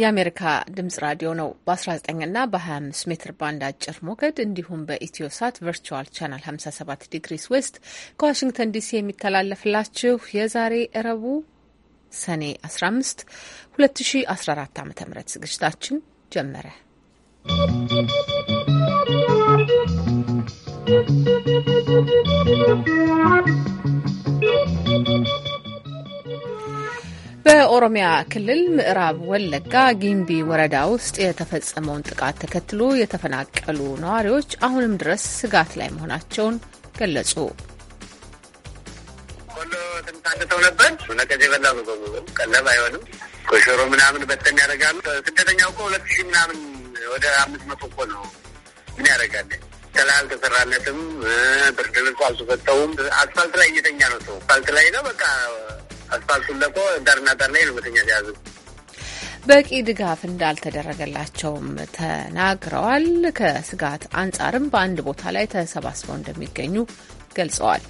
የአሜሪካ ድምጽ ራዲዮ ነው። በ19 ና በ25 ሜትር ባንድ አጭር ሞገድ እንዲሁም በኢትዮሳት ቨርቹዋል ቻናል 57 ዲግሪስ ዌስት ከዋሽንግተን ዲሲ የሚተላለፍላችሁ የዛሬ እረቡ ሰኔ 15 2014 ዓ ም ዝግጅታችን ጀመረ። ¶¶ በኦሮሚያ ክልል ምዕራብ ወለጋ ጊምቢ ወረዳ ውስጥ የተፈጸመውን ጥቃት ተከትሎ የተፈናቀሉ ነዋሪዎች አሁንም ድረስ ስጋት ላይ መሆናቸውን ገለጹ። ቆሎ ኮሾሮ ምናምን በተን ያደርጋሉ። ስደተኛው እኮ ሁለት ሺህ ምናምን ወደ አምስት መቶ እኮ ነው። ምን ያደርጋለ? ተላ አልተሰራለትም። ብርድ ልብስ አልተሰጠውም። አስፋልት ላይ እየተኛ ነው ሰው። አስፋልት ላይ ነው በቃ አስፋልቱን ለቆ ዳርና ዳር ላይ ነው መተኛ በቂ ድጋፍ እንዳልተደረገላቸውም ተናግረዋል። ከስጋት አንጻርም በአንድ ቦታ ላይ ተሰባስበው እንደሚገኙ ገልጸዋል።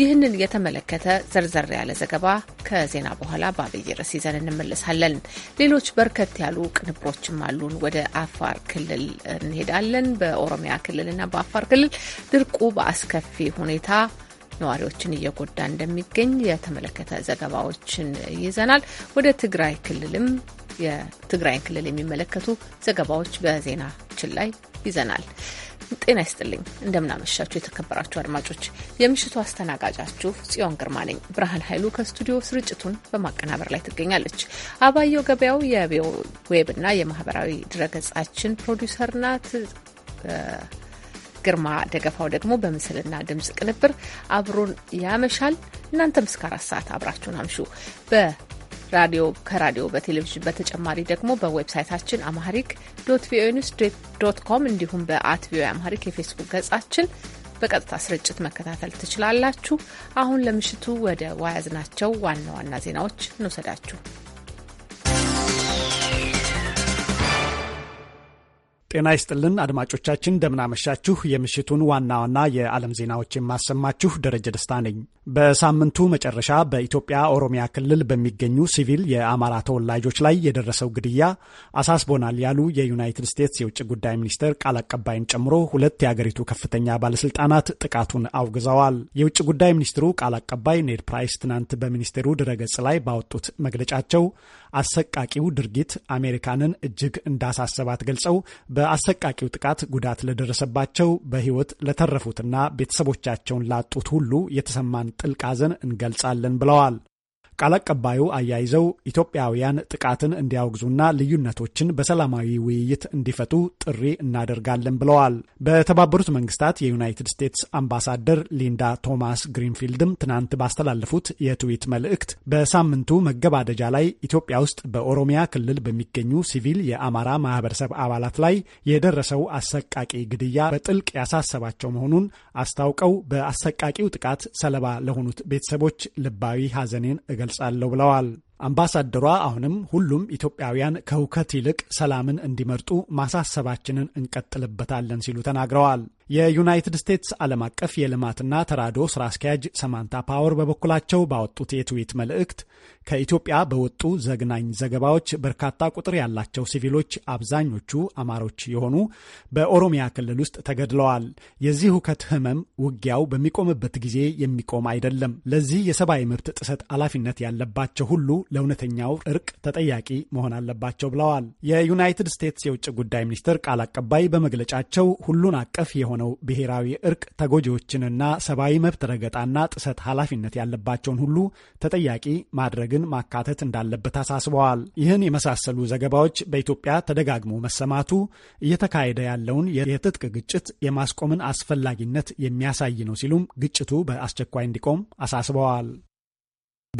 ይህንን የተመለከተ ዘርዘር ያለ ዘገባ ከዜና በኋላ በአብይ ርዕስ ይዘን እንመለሳለን። ሌሎች በርከት ያሉ ቅንብሮችም አሉን። ወደ አፋር ክልል እንሄዳለን። በኦሮሚያ ክልልና በአፋር ክልል ድርቁ በአስከፊ ሁኔታ ነዋሪዎችን እየጎዳ እንደሚገኝ የተመለከተ ዘገባዎችን ይዘናል። ወደ ትግራይ ክልልም የትግራይን ክልል የሚመለከቱ ዘገባዎች በዜናችን ላይ ይዘናል። ጤና ይስጥልኝ፣ እንደምናመሻችሁ የተከበራችሁ አድማጮች፣ የምሽቱ አስተናጋጃችሁ ጽዮን ግርማ ነኝ። ብርሃን ኃይሉ ከስቱዲዮ ስርጭቱን በማቀናበር ላይ ትገኛለች። አባየው ገበያው የዌብና የማህበራዊ ድረገጻችን ፕሮዲውሰር ናት። ግርማ ደገፋው ደግሞ በምስልና ድምጽ ቅንብር አብሮን ያመሻል። እናንተም እስከ አራት ሰዓት አብራችሁን አምሹ። በራዲዮ ከራዲዮ በቴሌቪዥን በተጨማሪ ደግሞ በዌብሳይታችን አማሪክ ዶት ቪኦኤ ኒውስ ዶት ኮም እንዲሁም በአት ቪኦኤ አማሪክ የፌስቡክ ገጻችን በቀጥታ ስርጭት መከታተል ትችላላችሁ። አሁን ለምሽቱ ወደ ዋያዝናቸው ዋና ዋና ዜናዎች እንውሰዳችሁ። ጤና ይስጥልን አድማጮቻችን፣ እንደምናመሻችሁ። የምሽቱን ዋና ዋና የዓለም ዜናዎች የማሰማችሁ ደረጀ ደስታ ነኝ። በሳምንቱ መጨረሻ በኢትዮጵያ ኦሮሚያ ክልል በሚገኙ ሲቪል የአማራ ተወላጆች ላይ የደረሰው ግድያ አሳስቦናል ያሉ የዩናይትድ ስቴትስ የውጭ ጉዳይ ሚኒስቴር ቃል አቀባይን ጨምሮ ሁለት የአገሪቱ ከፍተኛ ባለስልጣናት ጥቃቱን አውግዘዋል። የውጭ ጉዳይ ሚኒስትሩ ቃል አቀባይ ኔድ ፕራይስ ትናንት በሚኒስቴሩ ድረገጽ ላይ ባወጡት መግለጫቸው አሰቃቂው ድርጊት አሜሪካንን እጅግ እንዳሳሰባት ገልጸው በአሰቃቂው ጥቃት ጉዳት ለደረሰባቸው በሕይወት ለተረፉትና ቤተሰቦቻቸውን ላጡት ሁሉ የተሰማን ጥልቅ ሐዘን እንገልጻለን ብለዋል። ቃል አቀባዩ አያይዘው ኢትዮጵያውያን ጥቃትን እንዲያወግዙና ልዩነቶችን በሰላማዊ ውይይት እንዲፈቱ ጥሪ እናደርጋለን ብለዋል። በተባበሩት መንግስታት የዩናይትድ ስቴትስ አምባሳደር ሊንዳ ቶማስ ግሪንፊልድም ትናንት ባስተላለፉት የትዊት መልእክት በሳምንቱ መገባደጃ ላይ ኢትዮጵያ ውስጥ በኦሮሚያ ክልል በሚገኙ ሲቪል የአማራ ማህበረሰብ አባላት ላይ የደረሰው አሰቃቂ ግድያ በጥልቅ ያሳሰባቸው መሆኑን አስታውቀው በአሰቃቂው ጥቃት ሰለባ ለሆኑት ቤተሰቦች ልባዊ ሐዘኔን እገል እገልጻለሁ ብለዋል። አምባሳደሯ አሁንም ሁሉም ኢትዮጵያውያን ከሁከት ይልቅ ሰላምን እንዲመርጡ ማሳሰባችንን እንቀጥልበታለን ሲሉ ተናግረዋል። የዩናይትድ ስቴትስ ዓለም አቀፍ የልማትና ተራድኦ ስራ አስኪያጅ ሰማንታ ፓወር በበኩላቸው ባወጡት የትዊት መልእክት ከኢትዮጵያ በወጡ ዘግናኝ ዘገባዎች በርካታ ቁጥር ያላቸው ሲቪሎች አብዛኞቹ አማሮች የሆኑ በኦሮሚያ ክልል ውስጥ ተገድለዋል። የዚህ ሁከት ህመም ውጊያው በሚቆምበት ጊዜ የሚቆም አይደለም። ለዚህ የሰብአዊ መብት ጥሰት ኃላፊነት ያለባቸው ሁሉ ለእውነተኛው እርቅ ተጠያቂ መሆን አለባቸው ብለዋል። የዩናይትድ ስቴትስ የውጭ ጉዳይ ሚኒስትር ቃል አቀባይ በመግለጫቸው ሁሉን አቀፍ የሆነው ብሔራዊ እርቅ ተጎጂዎችንና ሰብአዊ መብት ረገጣና ጥሰት ኃላፊነት ያለባቸውን ሁሉ ተጠያቂ ማድረግን ማካተት እንዳለበት አሳስበዋል። ይህን የመሳሰሉ ዘገባዎች በኢትዮጵያ ተደጋግሞ መሰማቱ እየተካሄደ ያለውን የትጥቅ ግጭት የማስቆምን አስፈላጊነት የሚያሳይ ነው ሲሉም ግጭቱ በአስቸኳይ እንዲቆም አሳስበዋል።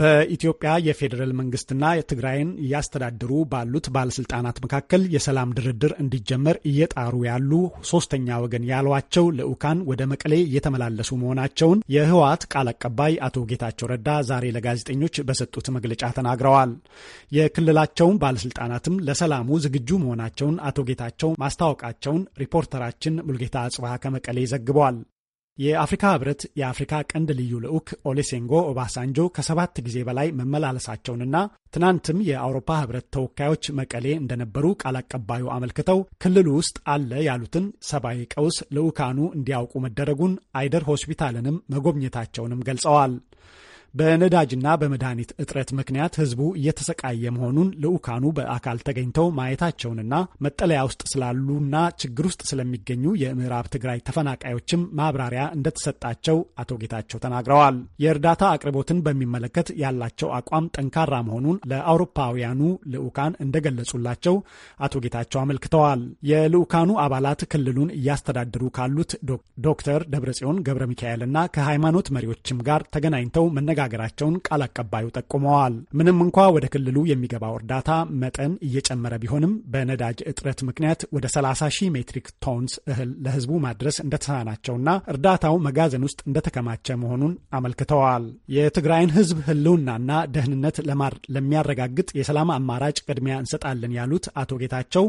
በኢትዮጵያ የፌዴራል መንግስትና ትግራይን እያስተዳደሩ ባሉት ባለስልጣናት መካከል የሰላም ድርድር እንዲጀመር እየጣሩ ያሉ ሶስተኛ ወገን ያሏቸው ልዑካን ወደ መቀሌ እየተመላለሱ መሆናቸውን የህወሓት ቃል አቀባይ አቶ ጌታቸው ረዳ ዛሬ ለጋዜጠኞች በሰጡት መግለጫ ተናግረዋል። የክልላቸውን ባለስልጣናትም ለሰላሙ ዝግጁ መሆናቸውን አቶ ጌታቸው ማስታወቃቸውን ሪፖርተራችን ሙልጌታ አጽባሀ ከመቀሌ ዘግቧል። የአፍሪካ ህብረት የአፍሪካ ቀንድ ልዩ ልዑክ ኦሌሴንጎ ኦባሳንጆ ከሰባት ጊዜ በላይ መመላለሳቸውንና ትናንትም የአውሮፓ ህብረት ተወካዮች መቀሌ እንደነበሩ ቃል አቀባዩ አመልክተው ክልሉ ውስጥ አለ ያሉትን ሰብአዊ ቀውስ ልዑካኑ እንዲያውቁ መደረጉን አይደር ሆስፒታልንም መጎብኘታቸውንም ገልጸዋል። በነዳጅና በመድኃኒት እጥረት ምክንያት ህዝቡ እየተሰቃየ መሆኑን ልዑካኑ በአካል ተገኝተው ማየታቸውንና መጠለያ ውስጥ ስላሉና ችግር ውስጥ ስለሚገኙ የምዕራብ ትግራይ ተፈናቃዮችም ማብራሪያ እንደተሰጣቸው አቶ ጌታቸው ተናግረዋል። የእርዳታ አቅርቦትን በሚመለከት ያላቸው አቋም ጠንካራ መሆኑን ለአውሮፓውያኑ ልዑካን እንደገለጹላቸው አቶ ጌታቸው አመልክተዋል። የልዑካኑ አባላት ክልሉን እያስተዳደሩ ካሉት ዶክተር ደብረጽዮን ገብረ ሚካኤልና ከሃይማኖት መሪዎችም ጋር ተገናኝተው መነጋ መነጋገራቸውን ቃል አቀባዩ ጠቁመዋል። ምንም እንኳ ወደ ክልሉ የሚገባው እርዳታ መጠን እየጨመረ ቢሆንም በነዳጅ እጥረት ምክንያት ወደ 30 ሺህ ሜትሪክ ቶንስ እህል ለህዝቡ ማድረስ እንደተሳናቸውና እርዳታው መጋዘን ውስጥ እንደተከማቸ መሆኑን አመልክተዋል። የትግራይን ህዝብ ህልውናና ደህንነት ለሚያረጋግጥ የሰላም አማራጭ ቅድሚያ እንሰጣለን ያሉት አቶ ጌታቸው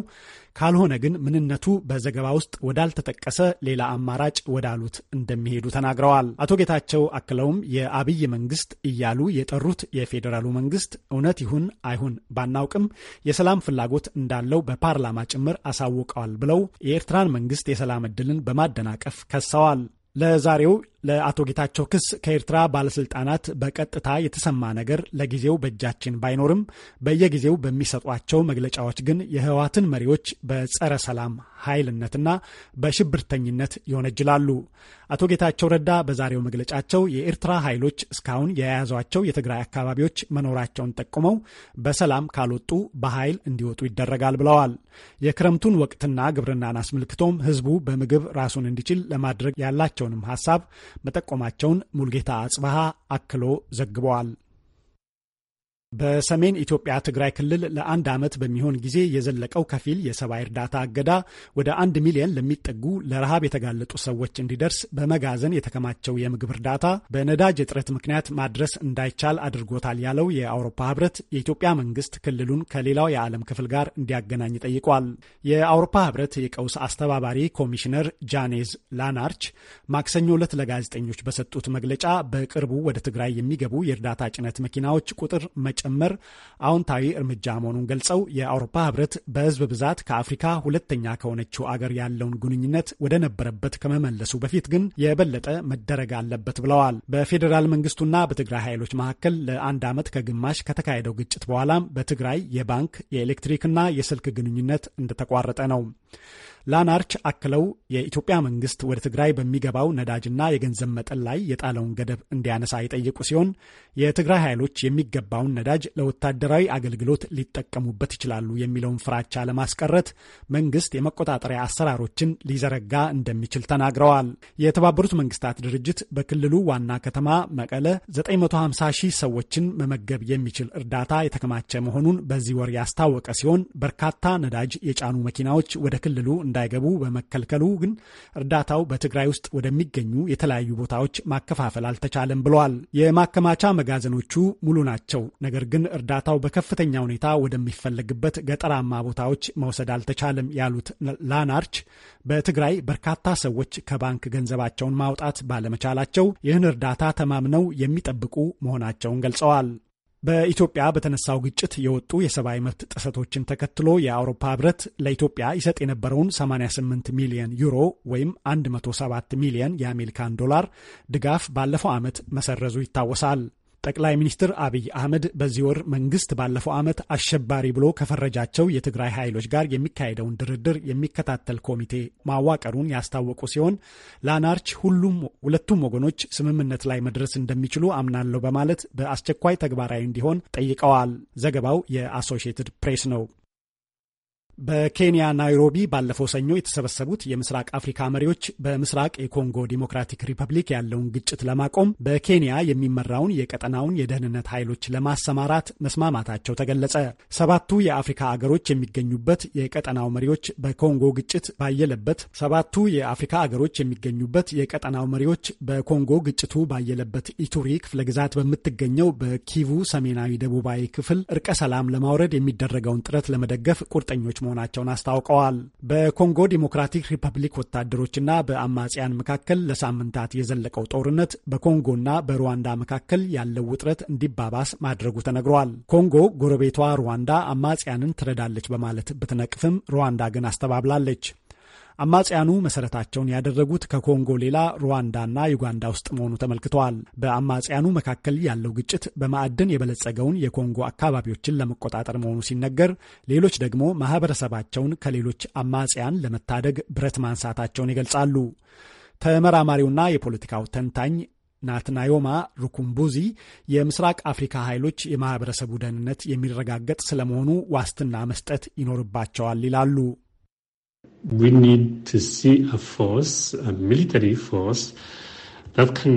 ካልሆነ ግን ምንነቱ በዘገባ ውስጥ ወዳልተጠቀሰ ሌላ አማራጭ ወዳሉት እንደሚሄዱ ተናግረዋል። አቶ ጌታቸው አክለውም የአብይ መንግስት መንግስት እያሉ የጠሩት የፌዴራሉ መንግስት እውነት ይሁን አይሁን ባናውቅም የሰላም ፍላጎት እንዳለው በፓርላማ ጭምር አሳውቀዋል ብለው የኤርትራን መንግስት የሰላም ዕድልን በማደናቀፍ ከሰዋል። ለዛሬው ለአቶ ጌታቸው ክስ ከኤርትራ ባለስልጣናት በቀጥታ የተሰማ ነገር ለጊዜው በእጃችን ባይኖርም በየጊዜው በሚሰጧቸው መግለጫዎች ግን የህወሓትን መሪዎች በጸረ ሰላም ኃይልነትና በሽብርተኝነት ይወነጅላሉ። አቶ ጌታቸው ረዳ በዛሬው መግለጫቸው የኤርትራ ኃይሎች እስካሁን የያዟቸው የትግራይ አካባቢዎች መኖራቸውን ጠቁመው በሰላም ካልወጡ በኃይል እንዲወጡ ይደረጋል ብለዋል። የክረምቱን ወቅትና ግብርናን አስመልክቶም ህዝቡ በምግብ ራሱን እንዲችል ለማድረግ ያላቸውንም ሀሳብ መጠቆማቸውን ሙልጌታ አጽበሃ አክሎ ዘግበዋል። በሰሜን ኢትዮጵያ ትግራይ ክልል ለአንድ ዓመት በሚሆን ጊዜ የዘለቀው ከፊል የሰብአዊ እርዳታ እገዳ ወደ አንድ ሚሊዮን ለሚጠጉ ለረሃብ የተጋለጡ ሰዎች እንዲደርስ በመጋዘን የተከማቸው የምግብ እርዳታ በነዳጅ እጥረት ምክንያት ማድረስ እንዳይቻል አድርጎታል ያለው የአውሮፓ ህብረት የኢትዮጵያ መንግስት ክልሉን ከሌላው የዓለም ክፍል ጋር እንዲያገናኝ ጠይቋል። የአውሮፓ ህብረት የቀውስ አስተባባሪ ኮሚሽነር ጃኔዝ ላናርች ማክሰኞ ዕለት ለጋዜጠኞች በሰጡት መግለጫ በቅርቡ ወደ ትግራይ የሚገቡ የእርዳታ ጭነት መኪናዎች ቁጥር መ ጭምር አዎንታዊ እርምጃ መሆኑን ገልጸው የአውሮፓ ህብረት በህዝብ ብዛት ከአፍሪካ ሁለተኛ ከሆነችው አገር ያለውን ግንኙነት ወደ ነበረበት ከመመለሱ በፊት ግን የበለጠ መደረግ አለበት ብለዋል። በፌዴራል መንግስቱና በትግራይ ኃይሎች መካከል ለአንድ ዓመት ከግማሽ ከተካሄደው ግጭት በኋላም በትግራይ የባንክ የኤሌክትሪክና የስልክ ግንኙነት እንደተቋረጠ ነው። ላናርች አክለው የኢትዮጵያ መንግስት ወደ ትግራይ በሚገባው ነዳጅና የገንዘብ መጠን ላይ የጣለውን ገደብ እንዲያነሳ የጠየቁ ሲሆን የትግራይ ኃይሎች የሚገባውን ነዳጅ ለወታደራዊ አገልግሎት ሊጠቀሙበት ይችላሉ የሚለውን ፍራቻ ለማስቀረት መንግስት የመቆጣጠሪያ አሰራሮችን ሊዘረጋ እንደሚችል ተናግረዋል። የተባበሩት መንግስታት ድርጅት በክልሉ ዋና ከተማ መቀለ 950 ሺህ ሰዎችን መመገብ የሚችል እርዳታ የተከማቸ መሆኑን በዚህ ወር ያስታወቀ ሲሆን በርካታ ነዳጅ የጫኑ መኪናዎች ወደ ክልሉ እንዳይገቡ በመከልከሉ ግን እርዳታው በትግራይ ውስጥ ወደሚገኙ የተለያዩ ቦታዎች ማከፋፈል አልተቻለም ብለዋል። የማከማቻ መጋዘኖቹ ሙሉ ናቸው፣ ነገር ግን እርዳታው በከፍተኛ ሁኔታ ወደሚፈለግበት ገጠራማ ቦታዎች መውሰድ አልተቻለም ያሉት ላናርች በትግራይ በርካታ ሰዎች ከባንክ ገንዘባቸውን ማውጣት ባለመቻላቸው ይህን እርዳታ ተማምነው የሚጠብቁ መሆናቸውን ገልጸዋል። በኢትዮጵያ በተነሳው ግጭት የወጡ የሰብአዊ መብት ጥሰቶችን ተከትሎ የአውሮፓ ህብረት ለኢትዮጵያ ይሰጥ የነበረውን 88 ሚሊዮን ዩሮ ወይም 107 ሚሊዮን የአሜሪካን ዶላር ድጋፍ ባለፈው ዓመት መሰረዙ ይታወሳል። ጠቅላይ ሚኒስትር አብይ አህመድ በዚህ ወር መንግስት ባለፈው ዓመት አሸባሪ ብሎ ከፈረጃቸው የትግራይ ኃይሎች ጋር የሚካሄደውን ድርድር የሚከታተል ኮሚቴ ማዋቀሩን ያስታወቁ ሲሆን ለአናርች ሁሉም ሁለቱም ወገኖች ስምምነት ላይ መድረስ እንደሚችሉ አምናለሁ በማለት በአስቸኳይ ተግባራዊ እንዲሆን ጠይቀዋል። ዘገባው የአሶሺየትድ ፕሬስ ነው። በኬንያ ናይሮቢ ባለፈው ሰኞ የተሰበሰቡት የምስራቅ አፍሪካ መሪዎች በምስራቅ የኮንጎ ዲሞክራቲክ ሪፐብሊክ ያለውን ግጭት ለማቆም በኬንያ የሚመራውን የቀጠናውን የደህንነት ኃይሎች ለማሰማራት መስማማታቸው ተገለጸ። ሰባቱ የአፍሪካ አገሮች የሚገኙበት የቀጠናው መሪዎች በኮንጎ ግጭት ባየለበት ሰባቱ የአፍሪካ አገሮች የሚገኙበት የቀጠናው መሪዎች በኮንጎ ግጭቱ ባየለበት ኢቱሪ ክፍለ ግዛት በምትገኘው በኪቩ ሰሜናዊ ደቡባዊ ክፍል እርቀ ሰላም ለማውረድ የሚደረገውን ጥረት ለመደገፍ ቁርጠኞች መሆናቸው መሆናቸውን አስታውቀዋል። በኮንጎ ዲሞክራቲክ ሪፐብሊክ ወታደሮችና በአማጽያን መካከል ለሳምንታት የዘለቀው ጦርነት በኮንጎና በሩዋንዳ መካከል ያለው ውጥረት እንዲባባስ ማድረጉ ተነግሯል። ኮንጎ ጎረቤቷ ሩዋንዳ አማጽያንን ትረዳለች በማለት ብትነቅፍም ሩዋንዳ ግን አስተባብላለች። አማጽያኑ መሰረታቸውን ያደረጉት ከኮንጎ ሌላ ሩዋንዳና ዩጋንዳ ውስጥ መሆኑ ተመልክተዋል። በአማጽያኑ መካከል ያለው ግጭት በማዕድን የበለጸገውን የኮንጎ አካባቢዎችን ለመቆጣጠር መሆኑ ሲነገር፣ ሌሎች ደግሞ ማህበረሰባቸውን ከሌሎች አማጽያን ለመታደግ ብረት ማንሳታቸውን ይገልጻሉ። ተመራማሪውና የፖለቲካው ተንታኝ ናትናዮማ ሩኩምቡዚ የምስራቅ አፍሪካ ኃይሎች የማህበረሰቡ ደህንነት የሚረጋገጥ ስለመሆኑ ዋስትና መስጠት ይኖርባቸዋል ይላሉ። We need to see a force, a military force, that can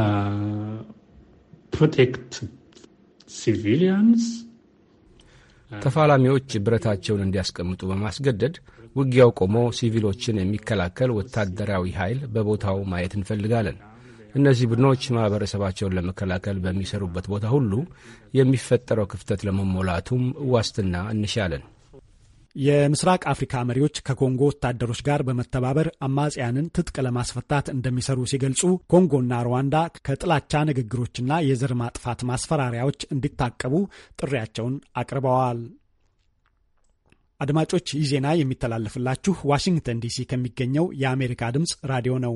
uh, protect civilians. ተፋላሚዎች ብረታቸውን እንዲያስቀምጡ በማስገደድ ውጊያው ቆሞ ሲቪሎችን የሚከላከል ወታደራዊ ኃይል በቦታው ማየት እንፈልጋለን። እነዚህ ቡድኖች ማኅበረሰባቸውን ለመከላከል በሚሰሩበት ቦታ ሁሉ የሚፈጠረው ክፍተት ለመሞላቱም ዋስትና እንሻለን። የምስራቅ አፍሪካ መሪዎች ከኮንጎ ወታደሮች ጋር በመተባበር አማጽያንን ትጥቅ ለማስፈታት እንደሚሰሩ ሲገልጹ ኮንጎና ሩዋንዳ ከጥላቻ ንግግሮችና የዘር ማጥፋት ማስፈራሪያዎች እንዲታቀቡ ጥሪያቸውን አቅርበዋል። አድማጮች ይህ ዜና የሚተላለፍላችሁ ዋሽንግተን ዲሲ ከሚገኘው የአሜሪካ ድምፅ ራዲዮ ነው።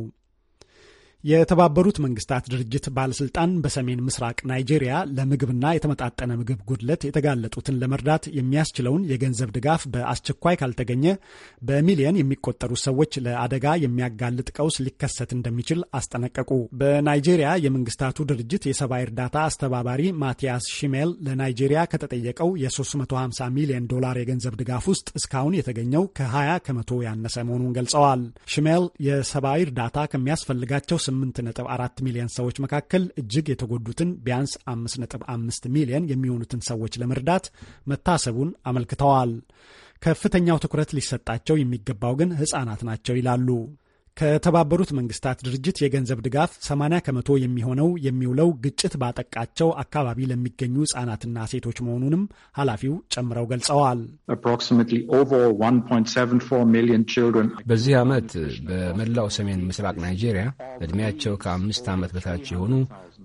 የተባበሩት መንግስታት ድርጅት ባለስልጣን በሰሜን ምስራቅ ናይጄሪያ ለምግብና የተመጣጠነ ምግብ ጉድለት የተጋለጡትን ለመርዳት የሚያስችለውን የገንዘብ ድጋፍ በአስቸኳይ ካልተገኘ በሚሊየን የሚቆጠሩ ሰዎች ለአደጋ የሚያጋልጥ ቀውስ ሊከሰት እንደሚችል አስጠነቀቁ። በናይጄሪያ የመንግስታቱ ድርጅት የሰብአዊ እርዳታ አስተባባሪ ማቲያስ ሺሜል ለናይጄሪያ ከተጠየቀው የ350 ሚሊዮን ዶላር የገንዘብ ድጋፍ ውስጥ እስካሁን የተገኘው ከ20 ከመቶ ያነሰ መሆኑን ገልጸዋል። ሽሜል የሰብአዊ እርዳታ ከሚያስፈልጋቸው 84 ሚሊዮን ሰዎች መካከል እጅግ የተጎዱትን ቢያንስ 5.5 ሚሊዮን የሚሆኑትን ሰዎች ለመርዳት መታሰቡን አመልክተዋል። ከፍተኛው ትኩረት ሊሰጣቸው የሚገባው ግን ሕፃናት ናቸው ይላሉ። ከተባበሩት መንግስታት ድርጅት የገንዘብ ድጋፍ 80 ከመቶ የሚሆነው የሚውለው ግጭት ባጠቃቸው አካባቢ ለሚገኙ ህጻናትና ሴቶች መሆኑንም ኃላፊው ጨምረው ገልጸዋል። በዚህ ዓመት በመላው ሰሜን ምስራቅ ናይጄሪያ ዕድሜያቸው ከአምስት ዓመት በታች የሆኑ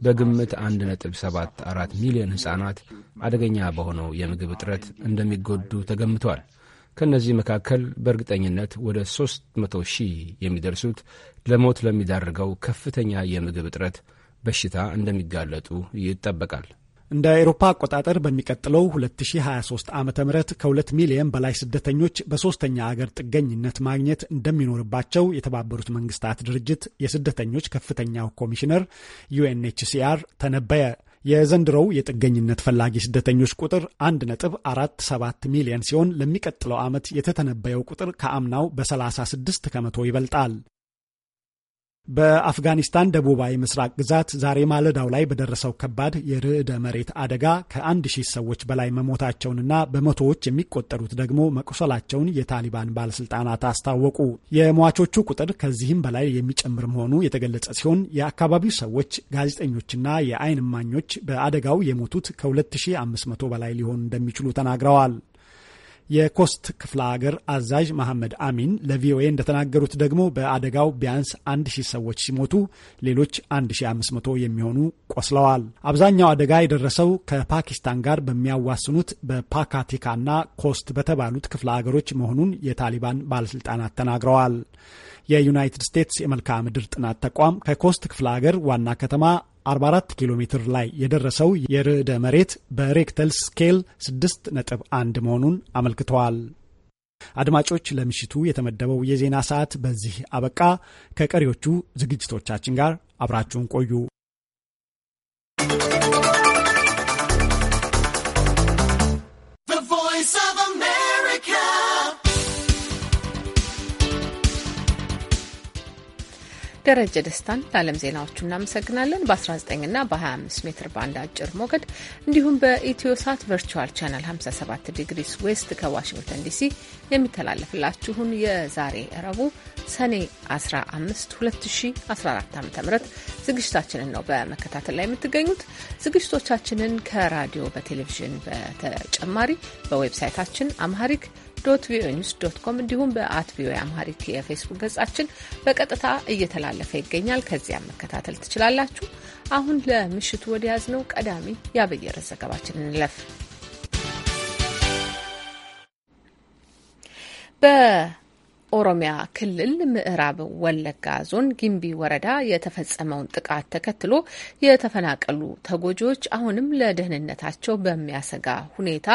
በግምት 1.74 ሚሊዮን ህጻናት አደገኛ በሆነው የምግብ እጥረት እንደሚጎዱ ተገምቷል። ከእነዚህ መካከል በእርግጠኝነት ወደ 300 ሺህ የሚደርሱት ለሞት ለሚዳርገው ከፍተኛ የምግብ እጥረት በሽታ እንደሚጋለጡ ይጠበቃል። እንደ አውሮፓ አቆጣጠር በሚቀጥለው 2023 ዓ ም ከ2 ሚሊየን በላይ ስደተኞች በሦስተኛ አገር ጥገኝነት ማግኘት እንደሚኖርባቸው የተባበሩት መንግስታት ድርጅት የስደተኞች ከፍተኛው ኮሚሽነር ዩኤንኤችሲአር ተነበየ። የዘንድሮው የጥገኝነት ፈላጊ ስደተኞች ቁጥር 1.47 ሚሊዮን ሲሆን ለሚቀጥለው ዓመት የተተነበየው ቁጥር ከአምናው በ36 ከመቶ ይበልጣል። በአፍጋኒስታን ደቡባዊ ምስራቅ ግዛት ዛሬ ማለዳው ላይ በደረሰው ከባድ የርዕደ መሬት አደጋ ከአንድ ሺህ ሰዎች በላይ መሞታቸውንና በመቶዎች የሚቆጠሩት ደግሞ መቁሰላቸውን የታሊባን ባለስልጣናት አስታወቁ። የሟቾቹ ቁጥር ከዚህም በላይ የሚጨምር መሆኑ የተገለጸ ሲሆን የአካባቢው ሰዎች፣ ጋዜጠኞችና የአይን እማኞች በአደጋው የሞቱት ከ2500 በላይ ሊሆኑ እንደሚችሉ ተናግረዋል። የኮስት ክፍለ ሀገር አዛዥ መሐመድ አሚን ለቪኦኤ እንደተናገሩት ደግሞ በአደጋው ቢያንስ 1000 ሰዎች ሲሞቱ ሌሎች 1500 የሚሆኑ ቆስለዋል። አብዛኛው አደጋ የደረሰው ከፓኪስታን ጋር በሚያዋስኑት በፓካቲካና ኮስት በተባሉት ክፍለ ሀገሮች መሆኑን የታሊባን ባለስልጣናት ተናግረዋል። የዩናይትድ ስቴትስ የመልክዓ ምድር ጥናት ተቋም ከኮስት ክፍለ ሀገር ዋና ከተማ 44 ኪሎ ሜትር ላይ የደረሰው የርዕደ መሬት በሬክተል ስኬል 6.1 መሆኑን አመልክተዋል። አድማጮች፣ ለምሽቱ የተመደበው የዜና ሰዓት በዚህ አበቃ። ከቀሪዎቹ ዝግጅቶቻችን ጋር አብራችሁን ቆዩ። ደረጀ ደስታን ለዓለም ዜናዎቹ እናመሰግናለን። በ19 እና በ25 ሜትር ባንድ አጭር ሞገድ እንዲሁም በኢትዮሳት ቨርቹዋል ቻናል 57 ዲግሪስ ዌስት ከዋሽንግተን ዲሲ የሚተላለፍላችሁን የዛሬ ረቡ ሰኔ 15 2014 ዓ ም ዝግጅታችንን ነው በመከታተል ላይ የምትገኙት። ዝግጅቶቻችንን ከራዲዮ በቴሌቪዥን በተጨማሪ በዌብሳይታችን አምሃሪክ ዶት ቪኦኤ ኒውስ ዶት ኮም እንዲሁም በአት ቪኦኤ አምሃሪክ የፌስቡክ ገጻችን በቀጥታ እየተላለፈ ይገኛል። ከዚያም መከታተል ትችላላችሁ። አሁን ለምሽቱ ወደያዝ ነው ቀዳሚ ያበየረ ዘገባችን እንለፍ። በኦሮሚያ ክልል ምዕራብ ወለጋ ዞን ጊምቢ ወረዳ የተፈጸመውን ጥቃት ተከትሎ የተፈናቀሉ ተጎጂዎች አሁንም ለደህንነታቸው በሚያሰጋ ሁኔታ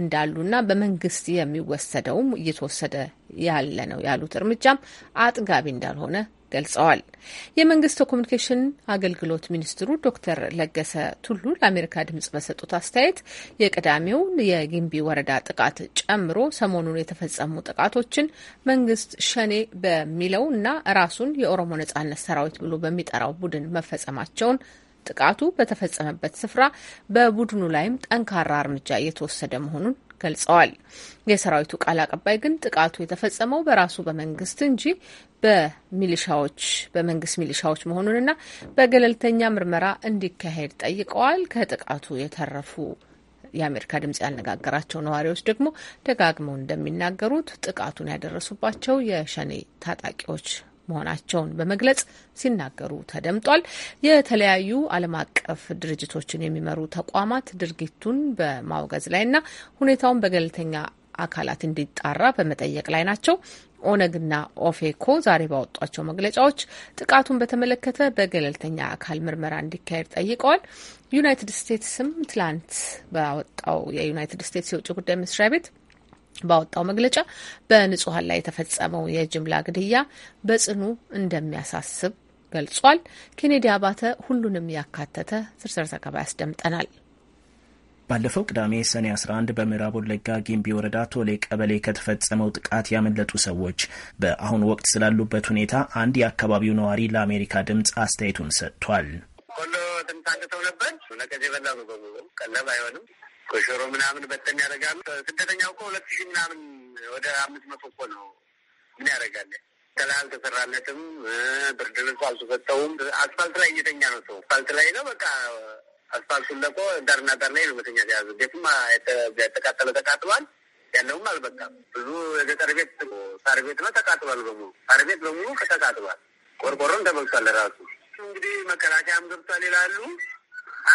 እንዳሉና በመንግስት የሚወሰደውም እየተወሰደ ያለ ነው ያሉት እርምጃም አጥጋቢ እንዳልሆነ ገልጸዋል። የመንግስት ኮሚኒኬሽን አገልግሎት ሚኒስትሩ ዶክተር ለገሰ ቱሉ ለአሜሪካ ድምጽ በሰጡት አስተያየት የቅዳሜውን የጊምቢ ወረዳ ጥቃት ጨምሮ ሰሞኑን የተፈጸሙ ጥቃቶችን መንግስት ሸኔ በሚለው እና ራሱን የኦሮሞ ነጻነት ሰራዊት ብሎ በሚጠራው ቡድን መፈጸማቸውን ጥቃቱ በተፈጸመበት ስፍራ በቡድኑ ላይም ጠንካራ እርምጃ እየተወሰደ መሆኑን ገልጸዋል። የሰራዊቱ ቃል አቀባይ ግን ጥቃቱ የተፈጸመው በራሱ በመንግስት እንጂ በሚሊሻዎች በመንግስት ሚሊሻዎች መሆኑንና በገለልተኛ ምርመራ እንዲካሄድ ጠይቀዋል። ከጥቃቱ የተረፉ የአሜሪካ ድምጽ ያነጋገራቸው ነዋሪዎች ደግሞ ደጋግመው እንደሚናገሩት ጥቃቱን ያደረሱባቸው የሸኔ ታጣቂዎች መሆናቸውን በመግለጽ ሲናገሩ ተደምጧል። የተለያዩ ዓለም አቀፍ ድርጅቶችን የሚመሩ ተቋማት ድርጊቱን በማውገዝ ላይና ሁኔታውን በገለልተኛ አካላት እንዲጣራ በመጠየቅ ላይ ናቸው። ኦነግና ኦፌኮ ዛሬ ባወጧቸው መግለጫዎች ጥቃቱን በተመለከተ በገለልተኛ አካል ምርመራ እንዲካሄድ ጠይቀዋል። ዩናይትድ ስቴትስም ትላንት ባወጣው የዩናይትድ ስቴትስ የውጭ ጉዳይ መስሪያ ቤት ባወጣው መግለጫ በንጹሐን ላይ የተፈጸመው የጅምላ ግድያ በጽኑ እንደሚያሳስብ ገልጿል። ኬኔዲ አባተ ሁሉንም ያካተተ ዝርዝር ዘገባ ያስደምጠናል። ባለፈው ቅዳሜ ሰኔ 11 በምዕራብ ወለጋ ጊምቢ ወረዳ ቶሌ ቀበሌ ከተፈጸመው ጥቃት ያመለጡ ሰዎች በአሁኑ ወቅት ስላሉበት ሁኔታ አንድ የአካባቢው ነዋሪ ለአሜሪካ ድምፅ አስተያየቱን ሰጥቷል። ኮሸሮ ምናምን በተን ያደርጋሉ። ስደተኛው እኮ ሁለት ሺህ ምናምን ወደ አምስት መቶ እኮ ነው። ምን ያደርጋለ? ተላ አልተሰራለትም። ብርድ ልብስ አልተሰጠውም። አስፋልት ላይ እየተኛ ነው ሰው። አስፋልት ላይ ነው በቃ አስፋልቱን ለቆ ዳርና ዳር ላይ ነው መተኛ ተያዙ። ቤቱም የተቃጠለ ተቃጥሏል። ያለውም አልበቃም። ብዙ የገጠር ቤት ሳር ቤት ነው ተቃጥሏል። በሙሉ ሳር ቤት በሙሉ ተቃጥሏል። ቆርቆሮም ተበልቷል። ራሱ እንግዲህ መከላከያም ገብቷል ይላሉ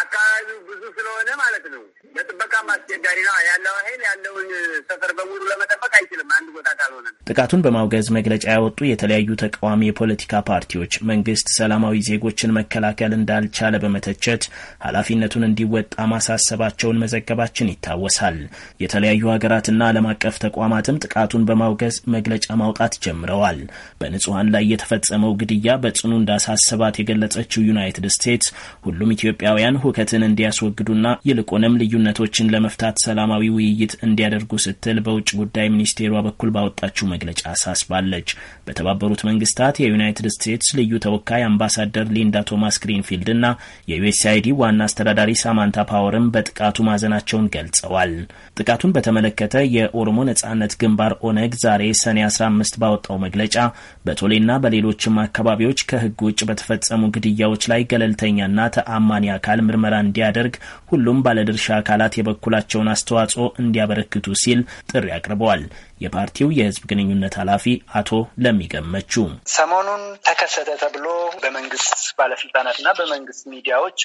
አካባቢው ብዙ ስለሆነ ማለት ነው። ለጥበቃም አስቸጋሪ ነው ያለው ኃይል ያለውን ሰፈር በሙሉ ለመጠበቅ አይችልም አንድ ቦታ ካልሆነ። ጥቃቱን በማውገዝ መግለጫ ያወጡ የተለያዩ ተቃዋሚ የፖለቲካ ፓርቲዎች መንግስት ሰላማዊ ዜጎችን መከላከል እንዳልቻለ በመተቸት ኃላፊነቱን እንዲወጣ ማሳሰባቸውን መዘገባችን ይታወሳል። የተለያዩ ሀገራትና ዓለም አቀፍ ተቋማትም ጥቃቱን በማውገዝ መግለጫ ማውጣት ጀምረዋል። በንጹሐን ላይ የተፈጸመው ግድያ በጽኑ እንዳሳሰባት የገለጸችው ዩናይትድ ስቴትስ ሁሉም ኢትዮጵያውያን ምዕራባውያን ሁከትን እንዲያስወግዱና ይልቁንም ልዩነቶችን ለመፍታት ሰላማዊ ውይይት እንዲያደርጉ ስትል በውጭ ጉዳይ ሚኒስቴሯ በኩል ባወጣችው መግለጫ አሳስባለች። በተባበሩት መንግስታት የዩናይትድ ስቴትስ ልዩ ተወካይ አምባሳደር ሊንዳ ቶማስ ግሪንፊልድ እና የዩኤስአይዲ ዋና አስተዳዳሪ ሳማንታ ፓወርም በጥቃቱ ማዘናቸውን ገልጸዋል። ጥቃቱን በተመለከተ የኦሮሞ ነጻነት ግንባር ኦነግ ዛሬ ሰኔ 15 ባወጣው መግለጫ በቶሌና በሌሎችም አካባቢዎች ከህግ ውጭ በተፈጸሙ ግድያዎች ላይ ገለልተኛና ተአማኒ አካል ምርመራ እንዲያደርግ ሁሉም ባለድርሻ አካላት የበኩላቸውን አስተዋጽኦ እንዲያበረክቱ ሲል ጥሪ አቅርበዋል። የፓርቲው የህዝብ ግንኙነት ኃላፊ አቶ ለሚገመቹ ሰሞኑን ተከሰተ ተብሎ በመንግስት ባለስልጣናት እና በመንግስት ሚዲያዎች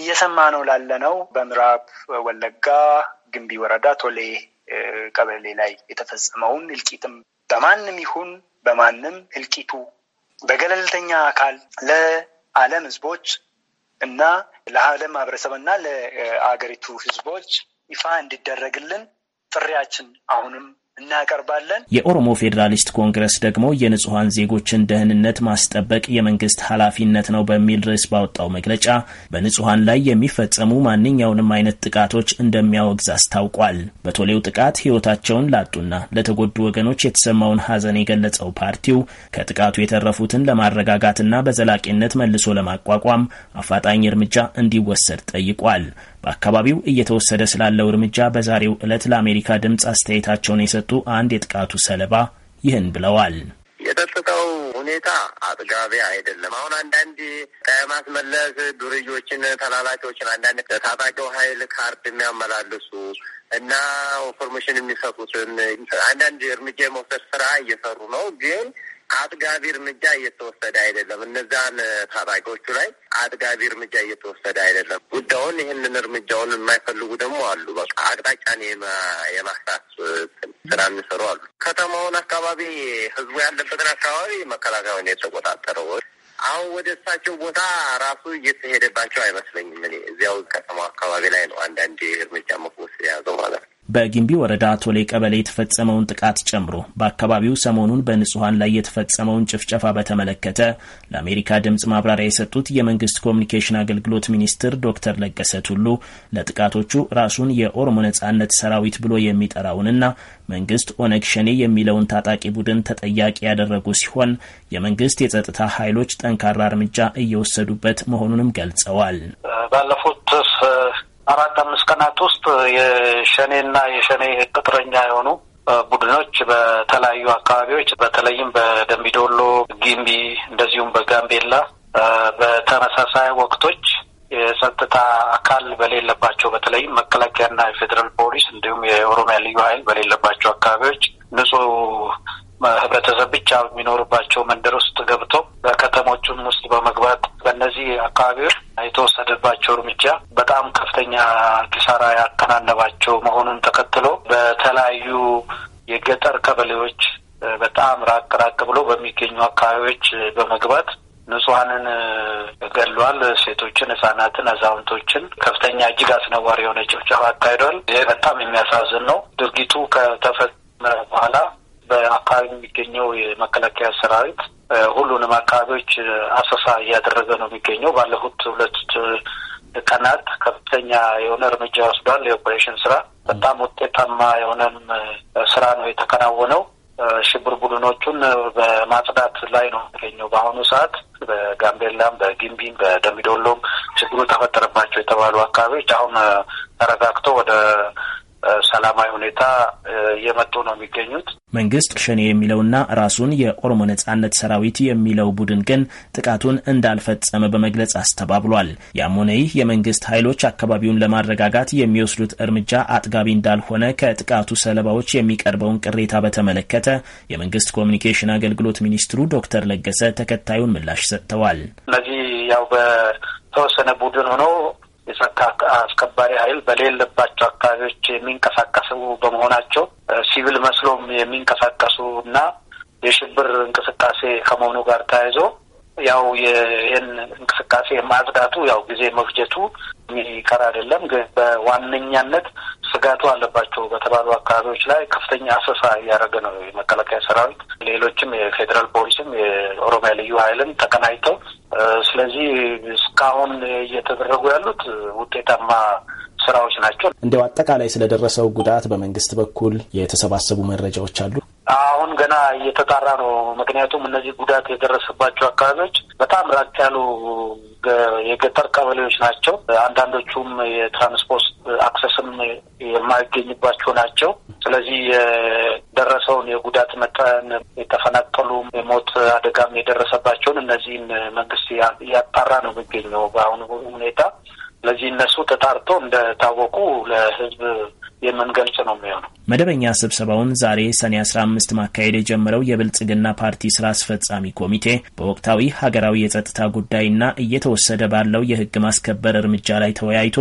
እየሰማ ነው ላለነው በምዕራብ ወለጋ ግንቢ ወረዳ ቶሌ ቀበሌ ላይ የተፈጸመውን እልቂትም በማንም ይሁን በማንም እልቂቱ በገለልተኛ አካል ለዓለም ህዝቦች እና ለዓለም ማህበረሰብ እና ለአገሪቱ ህዝቦች ይፋ እንዲደረግልን ጥሪያችን አሁንም እናቀርባለን። የኦሮሞ ፌዴራሊስት ኮንግረስ ደግሞ የንጹሐን ዜጎችን ደህንነት ማስጠበቅ የመንግስት ኃላፊነት ነው በሚል ርዕስ ባወጣው መግለጫ በንጹሐን ላይ የሚፈጸሙ ማንኛውንም አይነት ጥቃቶች እንደሚያወግዝ አስታውቋል። በቶሌው ጥቃት ህይወታቸውን ላጡና ለተጎዱ ወገኖች የተሰማውን ሀዘን የገለጸው ፓርቲው ከጥቃቱ የተረፉትን ለማረጋጋትና በዘላቂነት መልሶ ለማቋቋም አፋጣኝ እርምጃ እንዲወሰድ ጠይቋል። በአካባቢው እየተወሰደ ስላለው እርምጃ በዛሬው ዕለት ለአሜሪካ ድምፅ አስተያየታቸውን የሰጡ አንድ የጥቃቱ ሰለባ ይህን ብለዋል። የጸጥታው ሁኔታ አጥጋቢ አይደለም። አሁን አንዳንድ ከማስመለስ ዱርዮችን፣ ተላላኪዎችን አንዳንድ ታጣቂው ኃይል ካርድ የሚያመላልሱ እና ኢንፎርሜሽን የሚሰጡትን አንዳንድ እርምጃ የመውሰድ ስራ እየሰሩ ነው ግን አጥጋቢ እርምጃ እየተወሰደ አይደለም። እነዛን ታጣቂዎቹ ላይ አጥጋቢ እርምጃ እየተወሰደ አይደለም። ጉዳዩን ይህንን እርምጃውን የማይፈልጉ ደግሞ አሉ። በቃ አቅጣጫን የማስራት ስራ የሚሰሩ አሉ። ከተማውን አካባቢ፣ ህዝቡ ያለበትን አካባቢ መከላከያውን የተቆጣጠረው አሁን ወደ እሳቸው ቦታ ራሱ እየተሄደባቸው አይመስለኝም። እኔ እዚያው ከተማው አካባቢ ላይ ነው አንዳንድ እርምጃ መወሰድ የያዘው ማለት ነው። በጊምቢ ወረዳ ቶሌ ቀበሌ የተፈጸመውን ጥቃት ጨምሮ በአካባቢው ሰሞኑን በንጹሐን ላይ የተፈጸመውን ጭፍጨፋ በተመለከተ ለአሜሪካ ድምፅ ማብራሪያ የሰጡት የመንግስት ኮሚኒኬሽን አገልግሎት ሚኒስትር ዶክተር ለገሰ ቱሉ ለጥቃቶቹ ራሱን የኦሮሞ ነጻነት ሰራዊት ብሎ የሚጠራውንና መንግስት ኦነግ ሸኔ የሚለውን ታጣቂ ቡድን ተጠያቂ ያደረጉ ሲሆን የመንግስት የጸጥታ ኃይሎች ጠንካራ እርምጃ እየወሰዱበት መሆኑንም ገልጸዋል። ባለፉት አራት አምስት ቀናት ውስጥ የሸኔና የሸኔ ቅጥረኛ የሆኑ ቡድኖች በተለያዩ አካባቢዎች በተለይም በደምቢዶሎ፣ ጊምቢ እንደዚሁም በጋምቤላ በተመሳሳይ ወቅቶች የጸጥታ አካል በሌለባቸው በተለይም መከላከያና የፌዴራል ፖሊስ እንዲሁም የኦሮሚያ ልዩ ኃይል በሌለባቸው አካባቢዎች ንጹህ ህብረተሰብ ብቻ የሚኖርባቸው መንደር ውስጥ ገብቶ በከተሞቹም ውስጥ በመግባት በእነዚህ አካባቢዎች የተወሰደባቸው እርምጃ በጣም ከፍተኛ ኪሳራ ያከናነባቸው መሆኑን ተከትሎ በተለያዩ የገጠር ቀበሌዎች በጣም ራቅ ራቅ ብሎ በሚገኙ አካባቢዎች በመግባት ንጹሐንን ገሏል። ሴቶችን፣ ህጻናትን፣ አዛውንቶችን ከፍተኛ እጅግ አስነዋሪ የሆነ ጭፍጨፋ አካሂዷል። ይህ በጣም የሚያሳዝን ነው። ድርጊቱ ከተፈጸመ በኋላ በአካባቢ የሚገኘው የመከላከያ ሰራዊት ሁሉንም አካባቢዎች አሰሳ እያደረገ ነው የሚገኘው። ባለፉት ሁለት ቀናት ከፍተኛ የሆነ እርምጃ ወስዷል። የኦፕሬሽን ስራ በጣም ውጤታማ የሆነም ስራ ነው የተከናወነው። ሽብር ቡድኖቹን በማጽዳት ላይ ነው የሚገኘው በአሁኑ ሰዓት በጋምቤላም በጊምቢም በደሚዶሎም ችግሩ ተፈጠረባቸው የተባሉ አካባቢዎች አሁን ተረጋግቶ ወደ ሰላማዊ ሁኔታ እየመጡ ነው የሚገኙት። መንግስት ሸኔ የሚለውና ራሱን የኦሮሞ ነጻነት ሰራዊት የሚለው ቡድን ግን ጥቃቱን እንዳልፈጸመ በመግለጽ አስተባብሏል። ያም ሆነ ይህ የመንግስት ኃይሎች አካባቢውን ለማረጋጋት የሚወስዱት እርምጃ አጥጋቢ እንዳልሆነ ከጥቃቱ ሰለባዎች የሚቀርበውን ቅሬታ በተመለከተ የመንግስት ኮሚኒኬሽን አገልግሎት ሚኒስትሩ ዶክተር ለገሰ ተከታዩን ምላሽ ሰጥተዋል። እነዚህ ያው በተወሰነ ቡድን ሆኖ የጸጥታ አስከባሪ ኃይል በሌለባቸው አካባቢዎች የሚንቀሳቀሱ በመሆናቸው ሲቪል መስሎም የሚንቀሳቀሱ እና የሽብር እንቅስቃሴ ከመሆኑ ጋር ተያይዞ ያው ይህን እንቅስቃሴ ማጽዳቱ ያው ጊዜ መፍጀቱ የሚቀር አይደለም። ግን በዋነኛነት ስጋቱ አለባቸው በተባሉ አካባቢዎች ላይ ከፍተኛ አሰሳ እያደረገ ነው የመከላከያ ሰራዊት፣ ሌሎችም የፌዴራል ፖሊስም የኦሮሚያ ልዩ ኃይልም ተቀናጅተው ስለዚህ እስካሁን እየተደረጉ ያሉት ውጤታማ ስራዎች ናቸው። እንደው አጠቃላይ ስለደረሰው ጉዳት በመንግስት በኩል የተሰባሰቡ መረጃዎች አሉ? አሁን ገና እየተጣራ ነው። ምክንያቱም እነዚህ ጉዳት የደረሰባቸው አካባቢዎች በጣም ራቅ ያሉ የገጠር ቀበሌዎች ናቸው። አንዳንዶቹም የትራንስፖርት አክሰስም የማይገኝባቸው ናቸው። ስለዚህ የደረሰውን የጉዳት መጠን የተፈናቀሉ፣ የሞት አደጋም የደረሰባቸውን እነዚህን መንግስት እያጣራ ነው የሚገኘው በአሁኑ ሁኔታ። ስለዚህ እነሱ ተጣርቶ እንደታወቁ ለህዝብ የምንገልጽ ነው የሚሆነው። መደበኛ ስብሰባውን ዛሬ ሰኔ 15 ማካሄድ የጀመረው የብልጽግና ፓርቲ ስራ አስፈጻሚ ኮሚቴ በወቅታዊ ሀገራዊ የጸጥታ ጉዳይና እየተወሰደ ባለው የህግ ማስከበር እርምጃ ላይ ተወያይቶ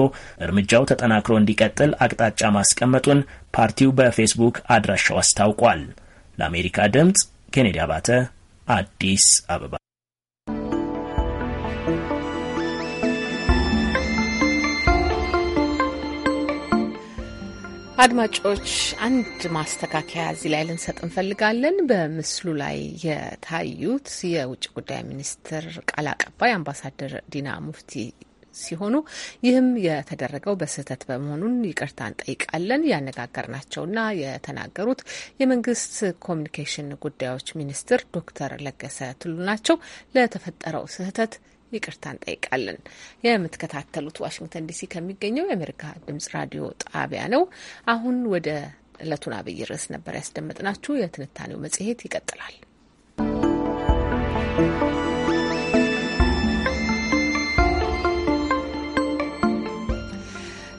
እርምጃው ተጠናክሮ እንዲቀጥል አቅጣጫ ማስቀመጡን ፓርቲው በፌስቡክ አድራሻው አስታውቋል። ለአሜሪካ ድምጽ ኬኔዲ አባተ አዲስ አበባ አድማጮች አንድ ማስተካከያ እዚህ ላይ ልንሰጥ እንፈልጋለን። በምስሉ ላይ የታዩት የውጭ ጉዳይ ሚኒስትር ቃል አቀባይ አምባሳደር ዲና ሙፍቲ ሲሆኑ ይህም የተደረገው በስህተት በመሆኑን ይቅርታ እንጠይቃለን። ያነጋገርናቸውና የተናገሩት የመንግስት ኮሚኒኬሽን ጉዳዮች ሚኒስትር ዶክተር ለገሰ ቱሉ ናቸው። ለተፈጠረው ስህተት ይቅርታ እንጠይቃለን። የምትከታተሉት ዋሽንግተን ዲሲ ከሚገኘው የአሜሪካ ድምጽ ራዲዮ ጣቢያ ነው። አሁን ወደ ዕለቱን አብይ ርዕስ ነበር ያስደመጥናችሁ። የትንታኔው መጽሔት ይቀጥላል።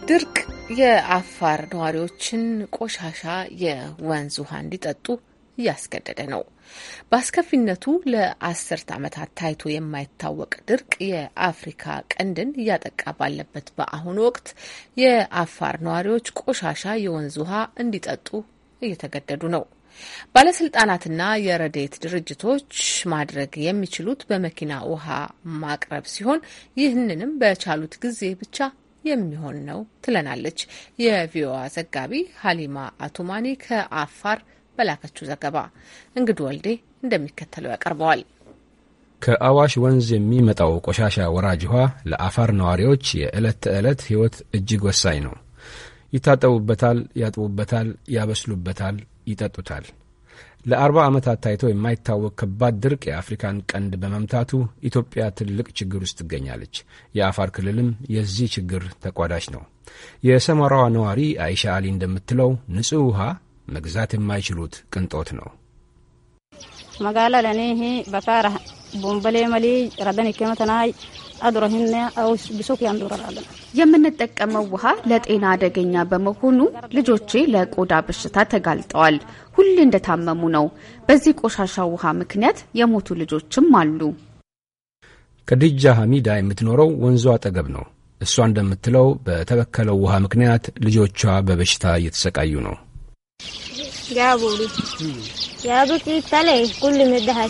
ድርቅ የአፋር ነዋሪዎችን ቆሻሻ የወንዝ ውሃ እንዲጠጡ እያስገደደ ነው። በአስከፊነቱ ለአስርት ዓመታት ታይቶ የማይታወቅ ድርቅ የአፍሪካ ቀንድን እያጠቃ ባለበት በአሁኑ ወቅት የአፋር ነዋሪዎች ቆሻሻ የወንዝ ውሃ እንዲጠጡ እየተገደዱ ነው። ባለስልጣናትና የረዴት ድርጅቶች ማድረግ የሚችሉት በመኪና ውሃ ማቅረብ ሲሆን ይህንንም በቻሉት ጊዜ ብቻ የሚሆን ነው ትለናለች የቪኦኤ ዘጋቢ ሀሊማ አቱማኒ ከአፋር በላከችው ዘገባ እንግዱ ወልዴ እንደሚከተለው ያቀርበዋል። ከአዋሽ ወንዝ የሚመጣው ቆሻሻ ወራጅ ውሃ ለአፋር ነዋሪዎች የዕለት ተዕለት ሕይወት እጅግ ወሳኝ ነው። ይታጠቡበታል፣ ያጥቡበታል፣ ያበስሉበታል፣ ይጠጡታል። ለአርባ ዓመታት ታይቶ የማይታወቅ ከባድ ድርቅ የአፍሪካን ቀንድ በመምታቱ ኢትዮጵያ ትልቅ ችግር ውስጥ ትገኛለች። የአፋር ክልልም የዚህ ችግር ተቋዳሽ ነው። የሰመራዋ ነዋሪ አይሻ አሊ እንደምትለው ንጹሕ ውሃ መግዛት የማይችሉት ቅንጦት ነው። መጋላ ለኔ በሳራ ቦምበሌ መሊ ረደን ኬመተናይ አድሮህና አውስ ብሶክ ያንዶራራለን የምንጠቀመው ውሃ ለጤና አደገኛ በመሆኑ ልጆቼ ለቆዳ በሽታ ተጋልጠዋል። ሁሌ እንደታመሙ ነው። በዚህ ቆሻሻ ውሃ ምክንያት የሞቱ ልጆችም አሉ። ከድጃ ሐሚዳ የምትኖረው ወንዙ አጠገብ ነው። እሷ እንደምትለው በተበከለው ውሃ ምክንያት ልጆቿ በበሽታ እየተሰቃዩ ነው። قابوا لي يا بكي تلي كل مدها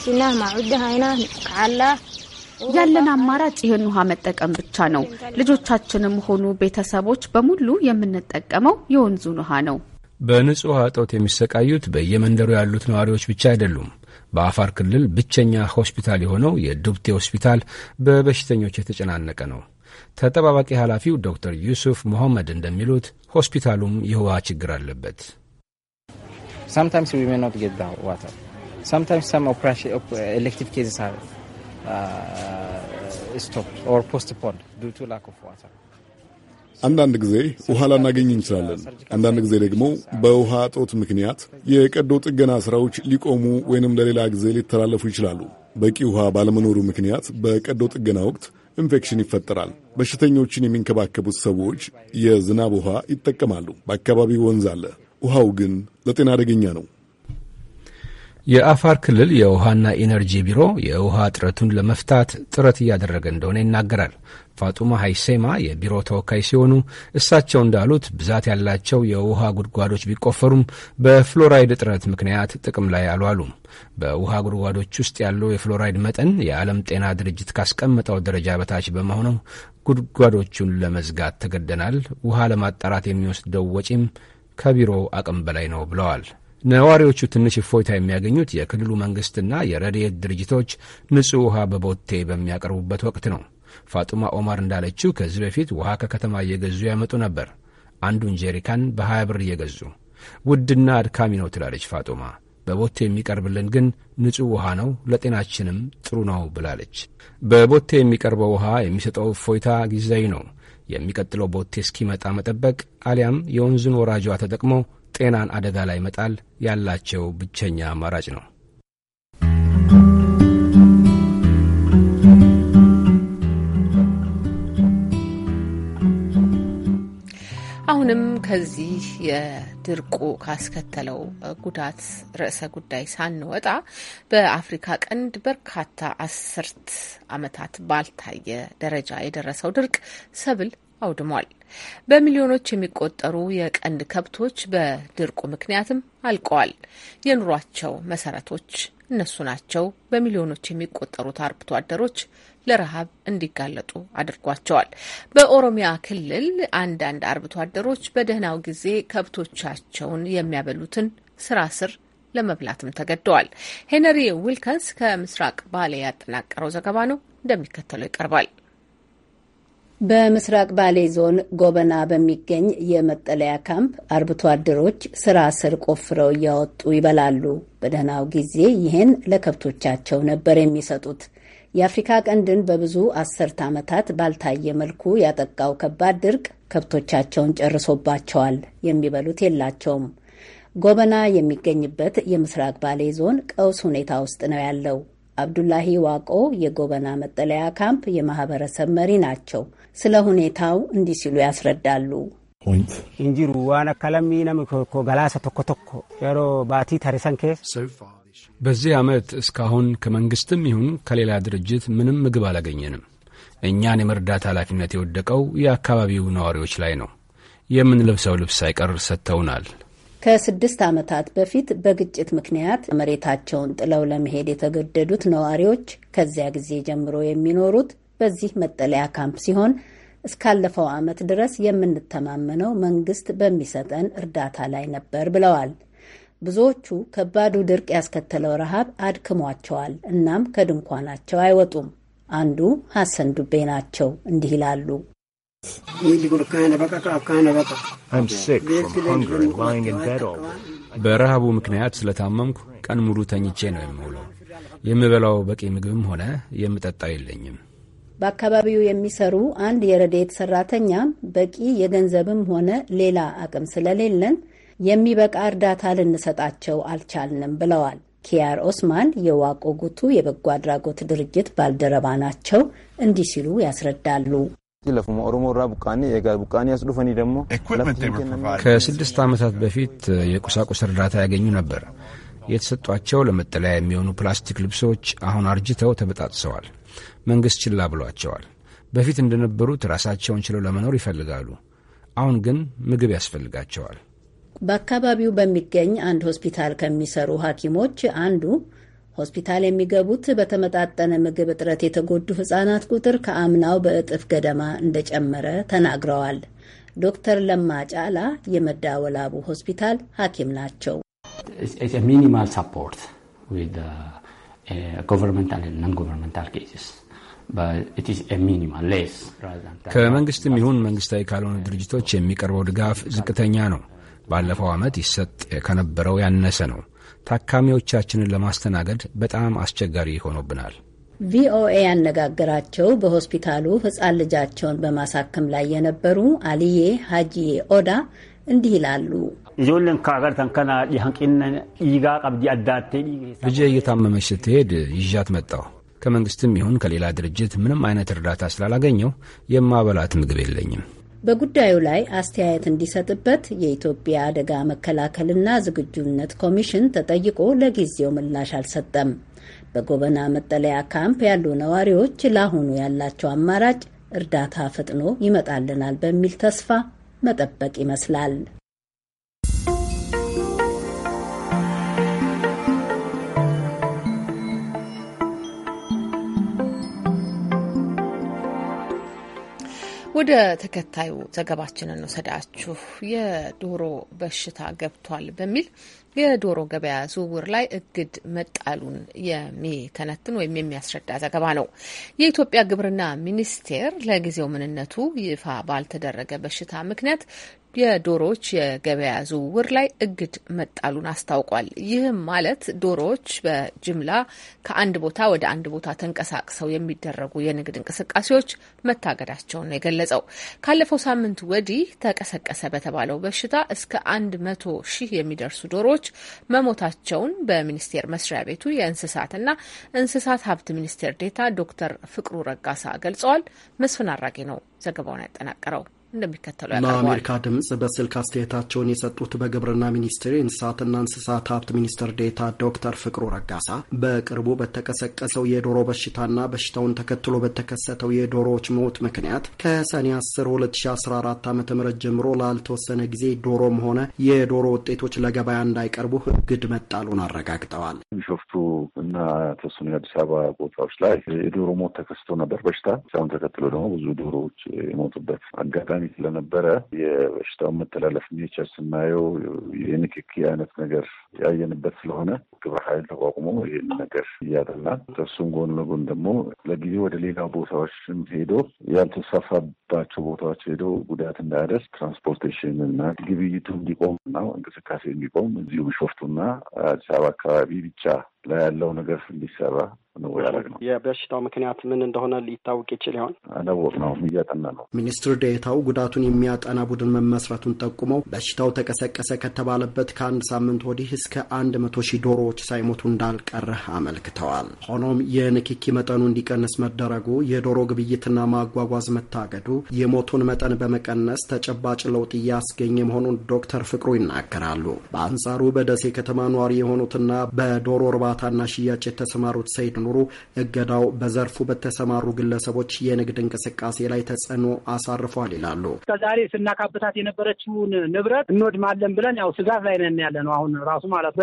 ያለን አማራጭ ይህን ውሃ መጠቀም ብቻ ነው። ልጆቻችንም ሆኑ ቤተሰቦች በሙሉ የምንጠቀመው የወንዙን ውሃ ነው። በንጹህ ውሃ እጦት የሚሰቃዩት በየመንደሩ ያሉት ነዋሪዎች ብቻ አይደሉም። በአፋር ክልል ብቸኛ ሆስፒታል የሆነው የዱብቴ ሆስፒታል በበሽተኞች የተጨናነቀ ነው። ተጠባባቂ ኃላፊው ዶክተር ዩሱፍ መሐመድ እንደሚሉት ሆስፒታሉም የውሃ ችግር አለበት። Sometimes we may not get the water. Sometimes some operation, op elective cases are uh, stopped or postponed due to lack of water. አንዳንድ ጊዜ ውሃ ላናገኝ እንችላለን። አንዳንድ ጊዜ ደግሞ በውሃ እጦት ምክንያት የቀዶ ጥገና ስራዎች ሊቆሙ ወይንም ለሌላ ጊዜ ሊተላለፉ ይችላሉ። በቂ ውሃ ባለመኖሩ ምክንያት በቀዶ ጥገና ወቅት ኢንፌክሽን ይፈጠራል። በሽተኞችን የሚንከባከቡት ሰዎች የዝናብ ውሃ ይጠቀማሉ። በአካባቢው ወንዝ አለ። ውሃው ግን ለጤና አደገኛ ነው። የአፋር ክልል የውሃና ኢነርጂ ቢሮ የውሃ እጥረቱን ለመፍታት ጥረት እያደረገ እንደሆነ ይናገራል። ፋጡማ ሀይሴማ የቢሮ ተወካይ ሲሆኑ እሳቸው እንዳሉት ብዛት ያላቸው የውሃ ጉድጓዶች ቢቆፈሩም በፍሎራይድ እጥረት ምክንያት ጥቅም ላይ አልዋሉም። በውሃ ጉድጓዶች ውስጥ ያለው የፍሎራይድ መጠን የዓለም ጤና ድርጅት ካስቀመጠው ደረጃ በታች በመሆኑ ጉድጓዶቹን ለመዝጋት ተገደናል። ውሃ ለማጣራት የሚወስደው ወጪም ከቢሮው አቅም በላይ ነው ብለዋል። ነዋሪዎቹ ትንሽ እፎይታ የሚያገኙት የክልሉ መንግሥትና የረድኤት ድርጅቶች ንጹሕ ውሃ በቦቴ በሚያቀርቡበት ወቅት ነው። ፋጡማ ኦማር እንዳለችው ከዚህ በፊት ውሃ ከከተማ እየገዙ ያመጡ ነበር። አንዱን ጄሪካን በሀያ ብር እየገዙ ውድና አድካሚ ነው ትላለች ፋጡማ። በቦቴ የሚቀርብልን ግን ንጹሕ ውሃ ነው፣ ለጤናችንም ጥሩ ነው ብላለች። በቦቴ የሚቀርበው ውሃ የሚሰጠው እፎይታ ጊዜያዊ ነው። የሚቀጥለው ቦቴ እስኪመጣ መጠበቅ አሊያም የወንዙን ወራጇ ተጠቅሞ ጤናን አደጋ ላይ መጣል ያላቸው ብቸኛ አማራጭ ነው። አሁንም ከዚህ የድርቁ ካስከተለው ጉዳት ርዕሰ ጉዳይ ሳንወጣ በአፍሪካ ቀንድ በርካታ አስርት ዓመታት ባልታየ ደረጃ የደረሰው ድርቅ ሰብል አውድሟል። በሚሊዮኖች የሚቆጠሩ የቀንድ ከብቶች በድርቁ ምክንያትም አልቀዋል። የኑሯቸው መሰረቶች እነሱ ናቸው። በሚሊዮኖች የሚቆጠሩት አርብቶ አደሮች ለረሃብ እንዲጋለጡ አድርጓቸዋል። በኦሮሚያ ክልል አንዳንድ አርብቶ አደሮች በደህናው ጊዜ ከብቶቻቸውን የሚያበሉትን ስራ ስር ለመብላትም ተገደዋል። ሄነሪ ዊልከንስ ከምስራቅ ባሌ ያጠናቀረው ዘገባ ነው፣ እንደሚከተለው ይቀርባል። በምስራቅ ባሌ ዞን ጎበና በሚገኝ የመጠለያ ካምፕ አርብቶ አደሮች ስራ ስር ቆፍረው እያወጡ ይበላሉ። በደህናው ጊዜ ይህን ለከብቶቻቸው ነበር የሚሰጡት። የአፍሪካ ቀንድን በብዙ አስርት ዓመታት ባልታየ መልኩ ያጠቃው ከባድ ድርቅ ከብቶቻቸውን ጨርሶባቸዋል። የሚበሉት የላቸውም። ጎበና የሚገኝበት የምስራቅ ባሌ ዞን ቀውስ ሁኔታ ውስጥ ነው ያለው። አብዱላሂ ዋቆ የጎበና መጠለያ ካምፕ የማህበረሰብ መሪ ናቸው። ስለ ሁኔታው እንዲህ ሲሉ ያስረዳሉ። እንጂሩ ዋነ ከለሚ ገላሰ ቶኮ ቶኮ የሮ ባቲ ተሪሰን ኬስ በዚህ ዓመት እስካሁን ከመንግሥትም ይሁን ከሌላ ድርጅት ምንም ምግብ አላገኘንም። እኛን የመርዳት ኃላፊነት የወደቀው የአካባቢው ነዋሪዎች ላይ ነው። የምንለብሰው ልብስ ሳይቀር ሰጥተውናል። ከስድስት ዓመታት በፊት በግጭት ምክንያት መሬታቸውን ጥለው ለመሄድ የተገደዱት ነዋሪዎች ከዚያ ጊዜ ጀምሮ የሚኖሩት በዚህ መጠለያ ካምፕ ሲሆን እስካለፈው ዓመት ድረስ የምንተማመነው መንግስት በሚሰጠን እርዳታ ላይ ነበር ብለዋል። ብዙዎቹ ከባዱ ድርቅ ያስከተለው ረሃብ አድክሟቸዋል። እናም ከድንኳናቸው አይወጡም። አንዱ ሐሰን ዱቤ ናቸው። እንዲህ ይላሉ። በረሃቡ ምክንያት ስለታመምኩ ቀን ሙሉ ተኝቼ ነው የምውለው። የምበላው በቂ ምግብም ሆነ የምጠጣ የለኝም። በአካባቢው የሚሰሩ አንድ የረድኤት ሰራተኛም በቂ የገንዘብም ሆነ ሌላ አቅም ስለሌለን የሚበቃ እርዳታ ልንሰጣቸው አልቻልንም ብለዋል። ኪያር ኦስማን የዋቆ ጉቱ የበጎ አድራጎት ድርጅት ባልደረባ ናቸው። እንዲህ ሲሉ ያስረዳሉ። ከስድስት ዓመታት በፊት የቁሳቁስ እርዳታ ያገኙ ነበር። የተሰጧቸው ለመጠለያ የሚሆኑ ፕላስቲክ ልብሶች አሁን አርጅተው ተበጣጥሰዋል። መንግሥት ችላ ብሏቸዋል። በፊት እንደነበሩት ራሳቸውን ችለው ለመኖር ይፈልጋሉ። አሁን ግን ምግብ ያስፈልጋቸዋል። በአካባቢው በሚገኝ አንድ ሆስፒታል ከሚሰሩ ሐኪሞች አንዱ ሆስፒታል የሚገቡት በተመጣጠነ ምግብ እጥረት የተጎዱ ሕጻናት ቁጥር ከአምናው በእጥፍ ገደማ እንደጨመረ ተናግረዋል። ዶክተር ለማ ጫላ የመዳወላቡ ሆስፒታል ሐኪም ናቸው። ሚኒማል ሳፖርት uh, ከመንግስትም ይሁን መንግስታዊ ካልሆኑ ድርጅቶች የሚቀርበው ድጋፍ ዝቅተኛ ነው። ባለፈው ዓመት ይሰጥ ከነበረው ያነሰ ነው። ታካሚዎቻችንን ለማስተናገድ በጣም አስቸጋሪ ሆኖብናል። ቪኦኤ ያነጋገራቸው በሆስፒታሉ ሕፃን ልጃቸውን በማሳከም ላይ የነበሩ አልዬ ሀጂዬ ኦዳ እንዲህ ይላሉ። ልጄ እየታመመች ስትሄድ ይዣት መጣሁ። ከመንግስትም ይሁን ከሌላ ድርጅት ምንም አይነት እርዳታ ስላላገኘው የማበላት ምግብ የለኝም። በጉዳዩ ላይ አስተያየት እንዲሰጥበት የኢትዮጵያ አደጋ መከላከልና ዝግጁነት ኮሚሽን ተጠይቆ ለጊዜው ምላሽ አልሰጠም። በጎበና መጠለያ ካምፕ ያሉ ነዋሪዎች ለአሁኑ ያላቸው አማራጭ እርዳታ ፈጥኖ ይመጣልናል በሚል ተስፋ መጠበቅ ይመስላል። ወደ ተከታዩ ዘገባችንን ወሰዳችሁ። የዶሮ በሽታ ገብቷል በሚል የዶሮ ገበያ ዝውውር ላይ እግድ መጣሉን የሚተነትን ወይም የሚያስረዳ ዘገባ ነው። የኢትዮጵያ ግብርና ሚኒስቴር ለጊዜው ምንነቱ ይፋ ባልተደረገ በሽታ ምክንያት የዶሮዎች የገበያ ዝውውር ላይ እግድ መጣሉን አስታውቋል። ይህም ማለት ዶሮዎች በጅምላ ከአንድ ቦታ ወደ አንድ ቦታ ተንቀሳቅሰው የሚደረጉ የንግድ እንቅስቃሴዎች መታገዳቸውን ነው የገለጸው። ካለፈው ሳምንት ወዲህ ተቀሰቀሰ በተባለው በሽታ እስከ አንድ መቶ ሺህ የሚደርሱ ዶሮዎች መሞታቸውን በሚኒስቴር መስሪያ ቤቱ የእንስሳትና እንስሳት ሀብት ሚኒስቴር ዴታ ዶክተር ፍቅሩ ረጋሳ ገልጸዋል። መስፍን አራጌ ነው ዘገባውን ያጠናቀረው። እንደሚከተለው ያቀርበዋል። ለአሜሪካ ድምጽ በስልክ አስተያየታቸውን የሰጡት በግብርና ሚኒስቴር የእንስሳትና እንስሳት ሀብት ሚኒስትር ዴታ ዶክተር ፍቅሩ ረጋሳ በቅርቡ በተቀሰቀሰው የዶሮ በሽታና በሽታውን ተከትሎ በተከሰተው የዶሮዎች ሞት ምክንያት ከሰኔ 10 2014 ዓ ም ጀምሮ ላልተወሰነ ጊዜ ዶሮም ሆነ የዶሮ ውጤቶች ለገበያ እንዳይቀርቡ እግድ መጣሉን አረጋግጠዋል። ቢሾፍቱ እና ተወሰኑ የአዲስ አበባ ቦታዎች ላይ የዶሮ ሞት ተከስቶ ነበር በሽታ። ሁን ተከትሎ ደግሞ ብዙ ዶሮዎች የሞቱበት አጋጣሚ አካባቢ ስለነበረ የበሽታውን መተላለፍ ኔቸር ስናየው የንክኪ አይነት ነገር ያየንበት ስለሆነ ግብረ ኃይል ተቋቁሞ ይህን ነገር እያጠናል። ከእሱም ጎን ለጎን ደግሞ ለጊዜ ወደ ሌላ ቦታዎችም ሄዶ ያልተስፋፋባቸው ቦታዎች ሄዶ ጉዳት እንዳያደርስ ትራንስፖርቴሽን እና ግብይቱ እንዲቆም እና እንቅስቃሴ እንዲቆም እዚሁ ቢሾፍቱና አዲስ አበባ አካባቢ ብቻ ላይ ያለው ነገር እንዲሰራ ነው የበሽታው ምክንያት ምን እንደሆነ ሊታወቅ ይችል ይሆን? ነው እየጠነ ነው። ሚኒስትር ዴታው ጉዳቱን የሚያጠና ቡድን መመስረቱን ጠቁመው በሽታው ተቀሰቀሰ ከተባለበት ከአንድ ሳምንት ወዲህ እስከ አንድ መቶ ሺህ ዶሮዎች ሳይሞቱ እንዳልቀረ አመልክተዋል። ሆኖም የንክኪ መጠኑ እንዲቀንስ መደረጉ፣ የዶሮ ግብይትና ማጓጓዝ መታገዱ የሞቱን መጠን በመቀነስ ተጨባጭ ለውጥ እያስገኘ መሆኑን ዶክተር ፍቅሩ ይናገራሉ። በአንጻሩ በደሴ ከተማ ኗሪ የሆኑትና በዶሮ እርባታና ሽያጭ የተሰማሩት ሰይድ መኖሩ እገዳው በዘርፉ በተሰማሩ ግለሰቦች የንግድ እንቅስቃሴ ላይ ተጽዕኖ አሳርፏል ይላሉ። እስከዛሬ ስናካብታት የነበረችውን ንብረት እንወድማለን ብለን ያው ስጋት ላይ ነን ያለ ነው አሁን ራሱ ማለት ነው።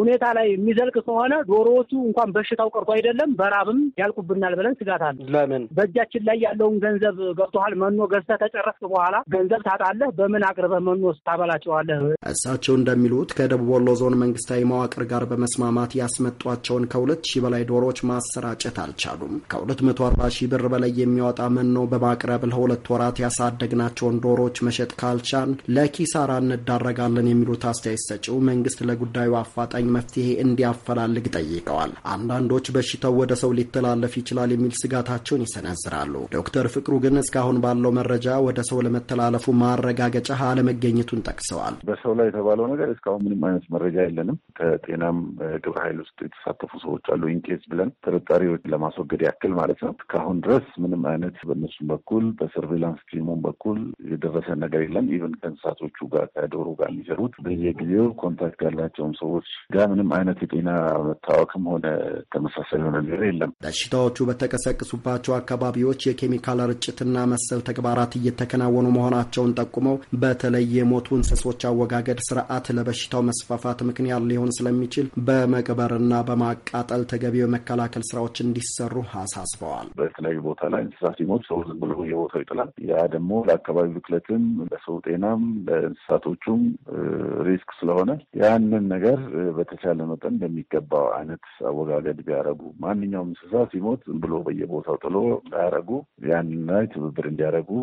ሁኔታ ላይ የሚዘልቅ ከሆነ ዶሮዎቹ እንኳን በሽታው ቀርቶ አይደለም በራብም ያልቁብናል ብለን ስጋት አለ። ለምን በእጃችን ላይ ያለውን ገንዘብ ገብቶሃል መኖ ገዝተህ ተጨረስክ በኋላ ገንዘብ ታጣለህ። በምን አቅርበህ መኖ ታበላቸዋለህ? እሳቸው እንደሚሉት ከደቡብ ወሎ ዞን መንግስታዊ መዋቅር ጋር በመስማማት ያስመጧቸውን ከሁለት ሺህ በላይ ዶሮ አመራሮች ማሰራጨት አልቻሉም። ከ240 ሺህ ብር በላይ የሚያወጣ መኖ በማቅረብ ለሁለት ወራት ያሳደግናቸውን ዶሮች መሸጥ ካልቻን ለኪሳራ እንዳረጋለን የሚሉት አስተያየት ሰጪው መንግስት ለጉዳዩ አፋጣኝ መፍትሄ እንዲያፈላልግ ጠይቀዋል። አንዳንዶች በሽታው ወደ ሰው ሊተላለፍ ይችላል የሚል ስጋታቸውን ይሰነዝራሉ። ዶክተር ፍቅሩ ግን እስካሁን ባለው መረጃ ወደ ሰው ለመተላለፉ ማረጋገጫ አለመገኘቱን ጠቅሰዋል። በሰው ላይ የተባለው ነገር እስካሁን ምንም አይነት መረጃ የለንም። ከጤናም ግብረ ኃይል ውስጥ የተሳተፉ ሰዎች አሉ ኢንኬስ ብለን ጥርጣሬዎች ለማስወገድ ያክል ማለት ነው። ከአሁን ድረስ ምንም አይነት በእነሱም በኩል በሰርቬላንስ ቲሙም በኩል የደረሰ ነገር የለም። ኢቨን ከእንስሳቶቹ ጋር ከዶሮ ጋር የሚሰሩት በየጊዜው ኮንታክት ያላቸውም ሰዎች ጋር ምንም አይነት የጤና መታወክም ሆነ ተመሳሳይ የሆነ ነገር የለም። በሽታዎቹ በተቀሰቀሱባቸው አካባቢዎች የኬሚካል ርጭትና መሰል ተግባራት እየተከናወኑ መሆናቸውን ጠቁመው በተለይ የሞቱ እንስሶች አወጋገድ ስርዓት ለበሽታው መስፋፋት ምክንያት ሊሆን ስለሚችል በመቅበርና በማቃጠል ተገቢው የመከላከል ስራዎች እንዲሰሩ አሳስበዋል። በተለያዩ ቦታ ላይ እንስሳ ሲሞት ሰው ዝም ብሎ የቦታው ይጥላል። ያ ደግሞ ለአካባቢ ብክለትም፣ ለሰው ጤናም፣ ለእንስሳቶቹም ሪስክ ስለሆነ ያንን ነገር በተቻለ መጠን በሚገባው አይነት አወጋገድ ቢያረጉ ማንኛውም እንስሳ ሲሞት ዝም ብሎ በየቦታው ጥሎ እንዳያደርጉ ያንን ላይ ትብብር እንዲያደርጉ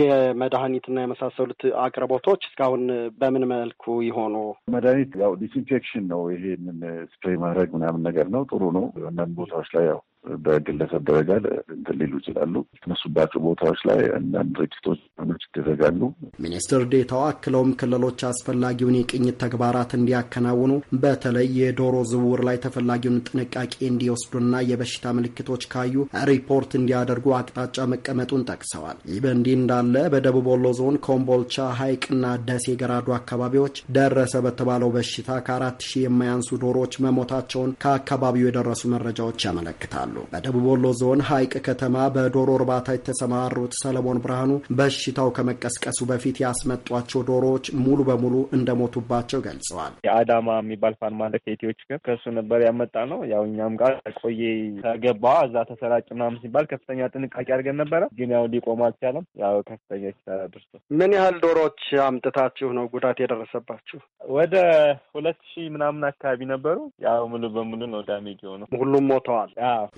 የመድኃኒትና የመሳሰሉት አቅርቦቶች እስካሁን በምን መልኩ ይሆኑ? መድኃኒት ያው ዲስኢንፌክሽን ነው። ይሄንን ስፕሬይ ማድረግ ምናምን ነገር ነው። ጥሩ ነው። būtų aš ėjau በግለሰብ ደረጃ ሊሉ ይችላሉ። የተነሱባቸው ቦታዎች ላይ አንዳንድ ድርጅቶች ይደረጋሉ። ሚኒስትር ዴታው አክለውም ክልሎች አስፈላጊውን የቅኝት ተግባራት እንዲያከናውኑ በተለይ የዶሮ ዝውውር ላይ ተፈላጊውን ጥንቃቄ እንዲወስዱና የበሽታ ምልክቶች ካዩ ሪፖርት እንዲያደርጉ አቅጣጫ መቀመጡን ጠቅሰዋል። ይህ በእንዲህ እንዳለ በደቡብ ወሎ ዞን ኮምቦልቻ፣ ሐይቅና ደሴ ገራዶ አካባቢዎች ደረሰ በተባለው በሽታ ከአራት ሺህ የማያንሱ ዶሮዎች መሞታቸውን ከአካባቢው የደረሱ መረጃዎች ያመለክታሉ። ይገኛሉ። በደቡብ ወሎ ዞን ሀይቅ ከተማ በዶሮ እርባታ የተሰማሩት ሰለሞን ብርሃኑ በሽታው ከመቀስቀሱ በፊት ያስመጧቸው ዶሮዎች ሙሉ በሙሉ እንደሞቱባቸው ገልጸዋል። የአዳማ የሚባል ፋርማ ከኢትዮች ጋር ከእሱ ነበር ያመጣ ነው። ያው እኛም ጋር ቆየ ተገባ እዛ ተሰራጭ ምናምን ሲባል ከፍተኛ ጥንቃቄ አድርገን ነበረ፣ ግን ያው ሊቆም አልቻለም። ያው ከፍተኛ ኪሳራ ድርሶ ምን ያህል ዶሮዎች አምጥታችሁ ነው ጉዳት የደረሰባችሁ? ወደ ሁለት ሺህ ምናምን አካባቢ ነበሩ። ያው ሙሉ በሙሉ ነው ዳሜጅ የሆነው። ሁሉም ሞተዋል።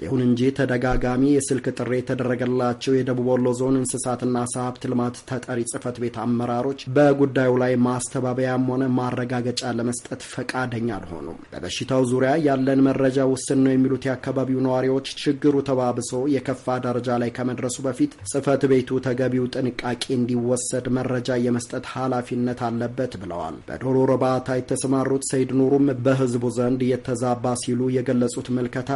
ይሁን እንጂ ተደጋጋሚ የስልክ ጥሪ የተደረገላቸው የደቡብ ወሎ ዞን እንስሳትና ዓሳ ሀብት ልማት ተጠሪ ጽህፈት ቤት አመራሮች በጉዳዩ ላይ ማስተባበያም ሆነ ማረጋገጫ ለመስጠት ፈቃደኛ አልሆኑም። በበሽታው ዙሪያ ያለን መረጃ ውስን ነው የሚሉት የአካባቢው ነዋሪዎች ችግሩ ተባብሶ የከፋ ደረጃ ላይ ከመድረሱ በፊት ጽህፈት ቤቱ ተገቢው ጥንቃቄ እንዲወሰድ መረጃ የመስጠት ኃላፊነት አለበት ብለዋል። በዶሮ እርባታ የተሰማሩት ሰይድ ኑሩም በህዝቡ ዘንድ የተዛባ ሲሉ የገለጹት ምልከታ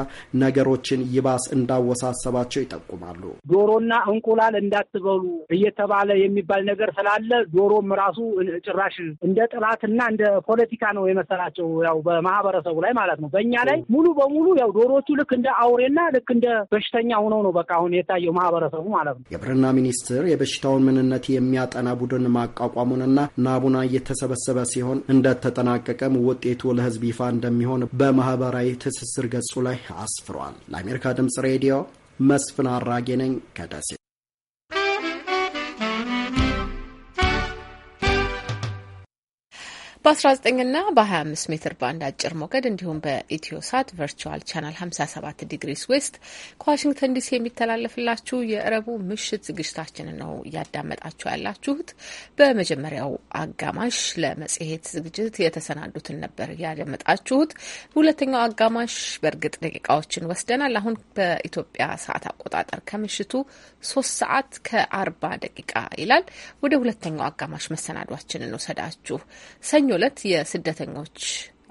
ነገሮችን ነገሮችን ይባስ እንዳወሳሰባቸው ይጠቁማሉ። ዶሮና እንቁላል እንዳትበሉ እየተባለ የሚባል ነገር ስላለ ዶሮም ራሱ ጭራሽ እንደ ጥላትና እንደ ፖለቲካ ነው የመሰላቸው ያው በማህበረሰቡ ላይ ማለት ነው። በእኛ ላይ ሙሉ በሙሉ ያው ዶሮዎቹ ልክ እንደ አውሬና ልክ እንደ በሽተኛ ሆነው ነው በቃ አሁን የታየው ማህበረሰቡ ማለት ነው። የግብርና ሚኒስቴር የበሽታውን ምንነት የሚያጠና ቡድን ማቋቋሙንና ናቡና እየተሰበሰበ ሲሆን እንደተጠናቀቀም ውጤቱ ለህዝብ ይፋ እንደሚሆን በማህበራዊ ትስስር ገጹ ላይ አስፍሯል። ለአሜሪካ ድምጽ ሬዲዮ መስፍን አራጌ ነኝ ከደሴ በ19 ና በ25 ሜትር ባንድ አጭር ሞገድ እንዲሁም በኢትዮሳት ቨርቹዋል ቻናል 57 ዲግሪስ ዌስት ከዋሽንግተን ዲሲ የሚተላለፍላችሁ የእረቡ ምሽት ዝግጅታችንን ነው እያዳመጣችሁ ያላችሁት። በመጀመሪያው አጋማሽ ለመጽሔት ዝግጅት የተሰናዱትን ነበር እያዳመጣችሁት ሁለተኛው አጋማሽ በእርግጥ ደቂቃዎችን ወስደናል። አሁን በኢትዮጵያ ሰዓት አቆጣጠር ከምሽቱ ሶስት ሰዓት ከአርባ ደቂቃ ይላል። ወደ ሁለተኛው አጋማሽ መሰናዷችንን ውሰዳችሁ ሰኞ ዕለት የስደተኞች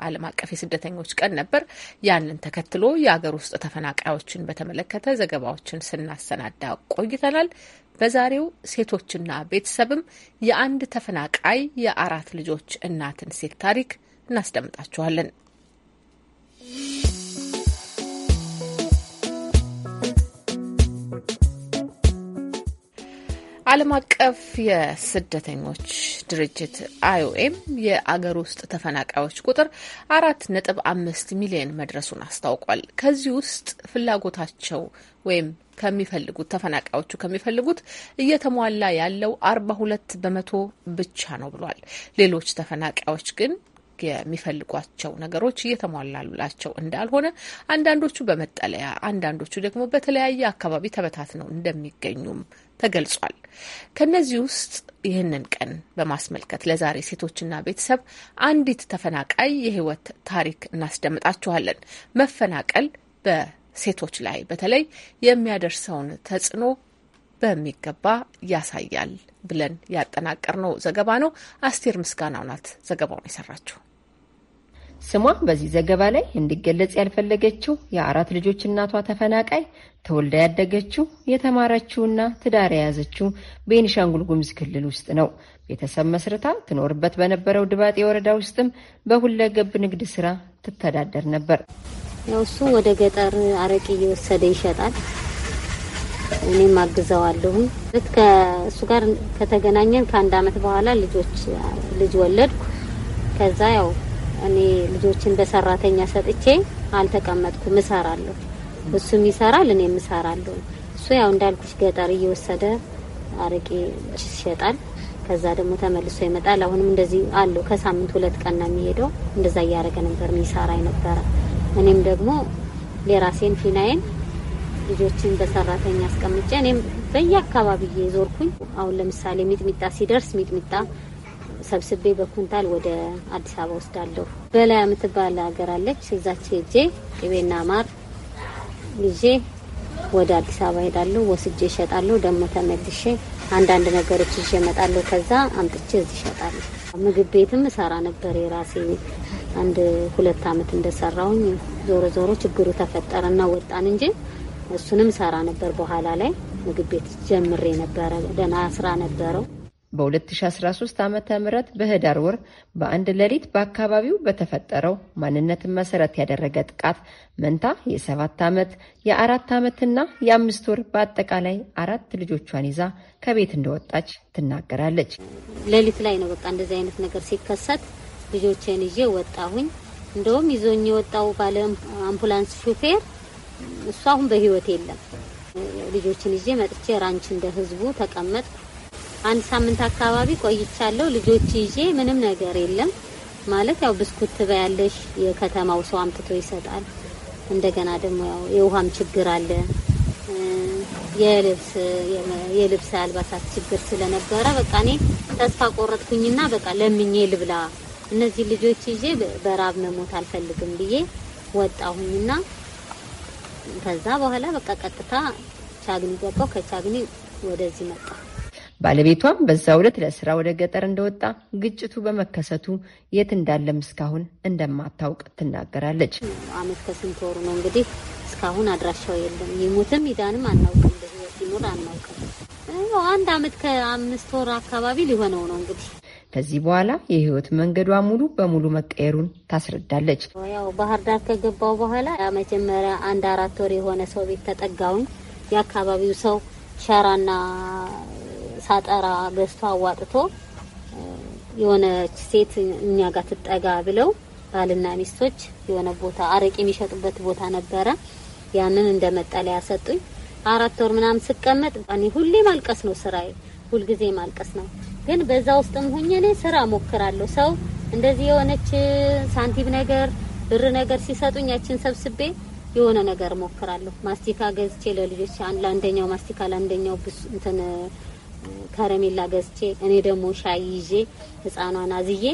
ዓለም አቀፍ የስደተኞች ቀን ነበር። ያንን ተከትሎ የአገር ውስጥ ተፈናቃዮችን በተመለከተ ዘገባዎችን ስናሰናዳ ቆይተናል። በዛሬው ሴቶችና ቤተሰብም የአንድ ተፈናቃይ የአራት ልጆች እናትን ሴት ታሪክ እናስደምጣችኋለን። ዓለም አቀፍ የስደተኞች ድርጅት አይኦኤም የአገር ውስጥ ተፈናቃዮች ቁጥር አራት ነጥብ አምስት ሚሊዮን መድረሱን አስታውቋል። ከዚህ ውስጥ ፍላጎታቸው ወይም ከሚፈልጉት ተፈናቃዮቹ ከሚፈልጉት እየተሟላ ያለው አርባ ሁለት በመቶ ብቻ ነው ብሏል። ሌሎች ተፈናቃዮች ግን የሚፈልጓቸው ነገሮች እየተሟላላቸው እንዳልሆነ፣ አንዳንዶቹ በመጠለያ አንዳንዶቹ ደግሞ በተለያየ አካባቢ ተበታትነው እንደሚገኙም ተገልጿል። ከነዚህ ውስጥ ይህንን ቀን በማስመልከት ለዛሬ ሴቶችና ቤተሰብ አንዲት ተፈናቃይ የህይወት ታሪክ እናስደምጣችኋለን። መፈናቀል በሴቶች ላይ በተለይ የሚያደርሰውን ተጽዕኖ በሚገባ ያሳያል ብለን ያጠናቀርነው ዘገባ ነው። አስቴር ምስጋናው ናት ዘገባውን የሰራችው። ስሟ በዚህ ዘገባ ላይ እንዲገለጽ ያልፈለገችው የአራት ልጆች እናቷ ተፈናቃይ ተወልዳ ያደገችው የተማረችውና ትዳር የያዘችው ቤኒሻንጉል ጉሙዝ ክልል ውስጥ ነው። ቤተሰብ መስርታ ትኖርበት በነበረው ድባጤ ወረዳ ውስጥም በሁለገብ ንግድ ስራ ትተዳደር ነበር። ያው እሱ ወደ ገጠር አረቄ እየወሰደ ይሸጣል። እኔም አግዘዋለሁ። ከእሱ ጋር ከተገናኘን ከአንድ አመት በኋላ ልጆች ልጅ ወለድኩ። ከዛ ያው እኔ ልጆችን በሰራተኛ ሰጥቼ አልተቀመጥኩም፣ እሰራለሁ። እሱም ይሰራል፣ እኔም እሰራለሁ። እሱ ያው እንዳልኩሽ ገጠር እየወሰደ አረቄ ይሸጣል። ከዛ ደግሞ ተመልሶ ይመጣል። አሁንም እንደዚህ አለው። ከሳምንት ሁለት ቀን ነው የሚሄደው። እንደዛ እያደረገ ነበር የሚሰራ ነበረ። እኔም ደግሞ የራሴን ፊናዬን ልጆችን በሰራተኛ አስቀምጬ እኔም በየአካባቢ ዞርኩኝ። አሁን ለምሳሌ ሚጥሚጣ ሲደርስ ሚጥሚጣ ሰብስቤ በኩንታል ወደ አዲስ አበባ ወስዳለሁ። በላይ የምትባል ሀገር አለች። እዛች ሄጄ ቅቤና ማር ይዤ ወደ አዲስ አበባ ሄዳለሁ። ወስጄ ይሸጣለሁ። ደግሞ ተመልሼ አንዳንድ ነገሮች ይዤ እመጣለሁ። ከዛ አምጥቼ እዚህ ይሸጣለሁ። ምግብ ቤትም እሰራ ነበር የራሴ አንድ ሁለት አመት እንደሰራውኝ ዞሮ ዞሮ ችግሩ ተፈጠረና ወጣን እንጂ እሱንም ሰራ ነበር። በኋላ ላይ ምግብ ቤት ጀምሬ ነበረ። ደህና ስራ ነበረው። በ2013 ዓ ም በህዳር ወር በአንድ ሌሊት በአካባቢው በተፈጠረው ማንነትን መሰረት ያደረገ ጥቃት መንታ የሰባት ዓመት የአራት ዓመትና የአምስት ወር በአጠቃላይ አራት ልጆቿን ይዛ ከቤት እንደወጣች ትናገራለች። ሌሊት ላይ ነው በቃ እንደዚህ አይነት ነገር ሲከሰት ልጆቼን ይዤ ወጣሁኝ። እንደውም ይዞኝ የወጣው ባለ አምቡላንስ ሹፌር እሱ አሁን በህይወት የለም። ልጆችን ይዤ መጥቼ ራንች እንደ ህዝቡ ተቀመጥኩ። አንድ ሳምንት አካባቢ ቆይቻለሁ። ልጆች ይዤ ምንም ነገር የለም ማለት ያው ብስኩት ትበያለሽ፣ የከተማው ሰው አምጥቶ ይሰጣል። እንደገና ደግሞ ያው የውሃም ችግር አለ። የልብስ የልብስ አልባሳት ችግር ስለነበረ በቃ እኔ ተስፋ ቆረጥኩኝና በቃ ለምኜ ልብላ እነዚህ ልጆች ይዤ በራብ መሞት አልፈልግም ብዬ ወጣሁኝና ከዛ በኋላ በቃ ቀጥታ ቻግኒ ገባሁ። ከቻግኒ ወደዚህ መጣሁ። ባለቤቷም በዛው ዕለት ለስራ ወደ ገጠር እንደወጣ ግጭቱ በመከሰቱ የት እንዳለም እስካሁን እንደማታውቅ ትናገራለች። አመት ከስንት ወሩ ነው እንግዲህ እስካሁን አድራሻው የለም። የሞተም ይዳንም አናውቅም። በህይወት ሲኖር አናውቅም። አንድ አመት ከአምስት ወር አካባቢ ሊሆነው ነው እንግዲህ ከዚህ በኋላ የህይወት መንገዷ ሙሉ በሙሉ መቀየሩን ታስረዳለች። ያው ባህር ዳር ከገባው በኋላ መጀመሪያ አንድ አራት ወር የሆነ ሰው ቤት ተጠጋውኝ። የአካባቢው ሰው ሸራና ሳጠራ ገዝቶ አዋጥቶ የሆነች ሴት እኛ ጋር ትጠጋ ብለው ባልና ሚስቶች የሆነ ቦታ አረቄ የሚሸጡበት ቦታ ነበረ። ያንን እንደ መጠለያ ሰጡኝ። አራት ወር ምናምን ስቀመጥ እኔ ሁሌ ማልቀስ ነው ስራዬ፣ ሁልጊዜ ማልቀስ ነው። ግን በዛ ውስጥም ሆኜ እኔ ስራ ሞክራለሁ። ሰው እንደዚህ የሆነች ሳንቲም ነገር ብር ነገር ሲሰጡኝ ያችን ሰብስቤ የሆነ ነገር ሞክራለሁ። ማስቲካ ገዝቼ ለልጆች አንድ ለአንደኛው ማስቲካ ለአንደኛው እንትን ከረሜላ ገዝቼ እኔ ደግሞ ሻይ ይዤ ህፃኗን አዝዬ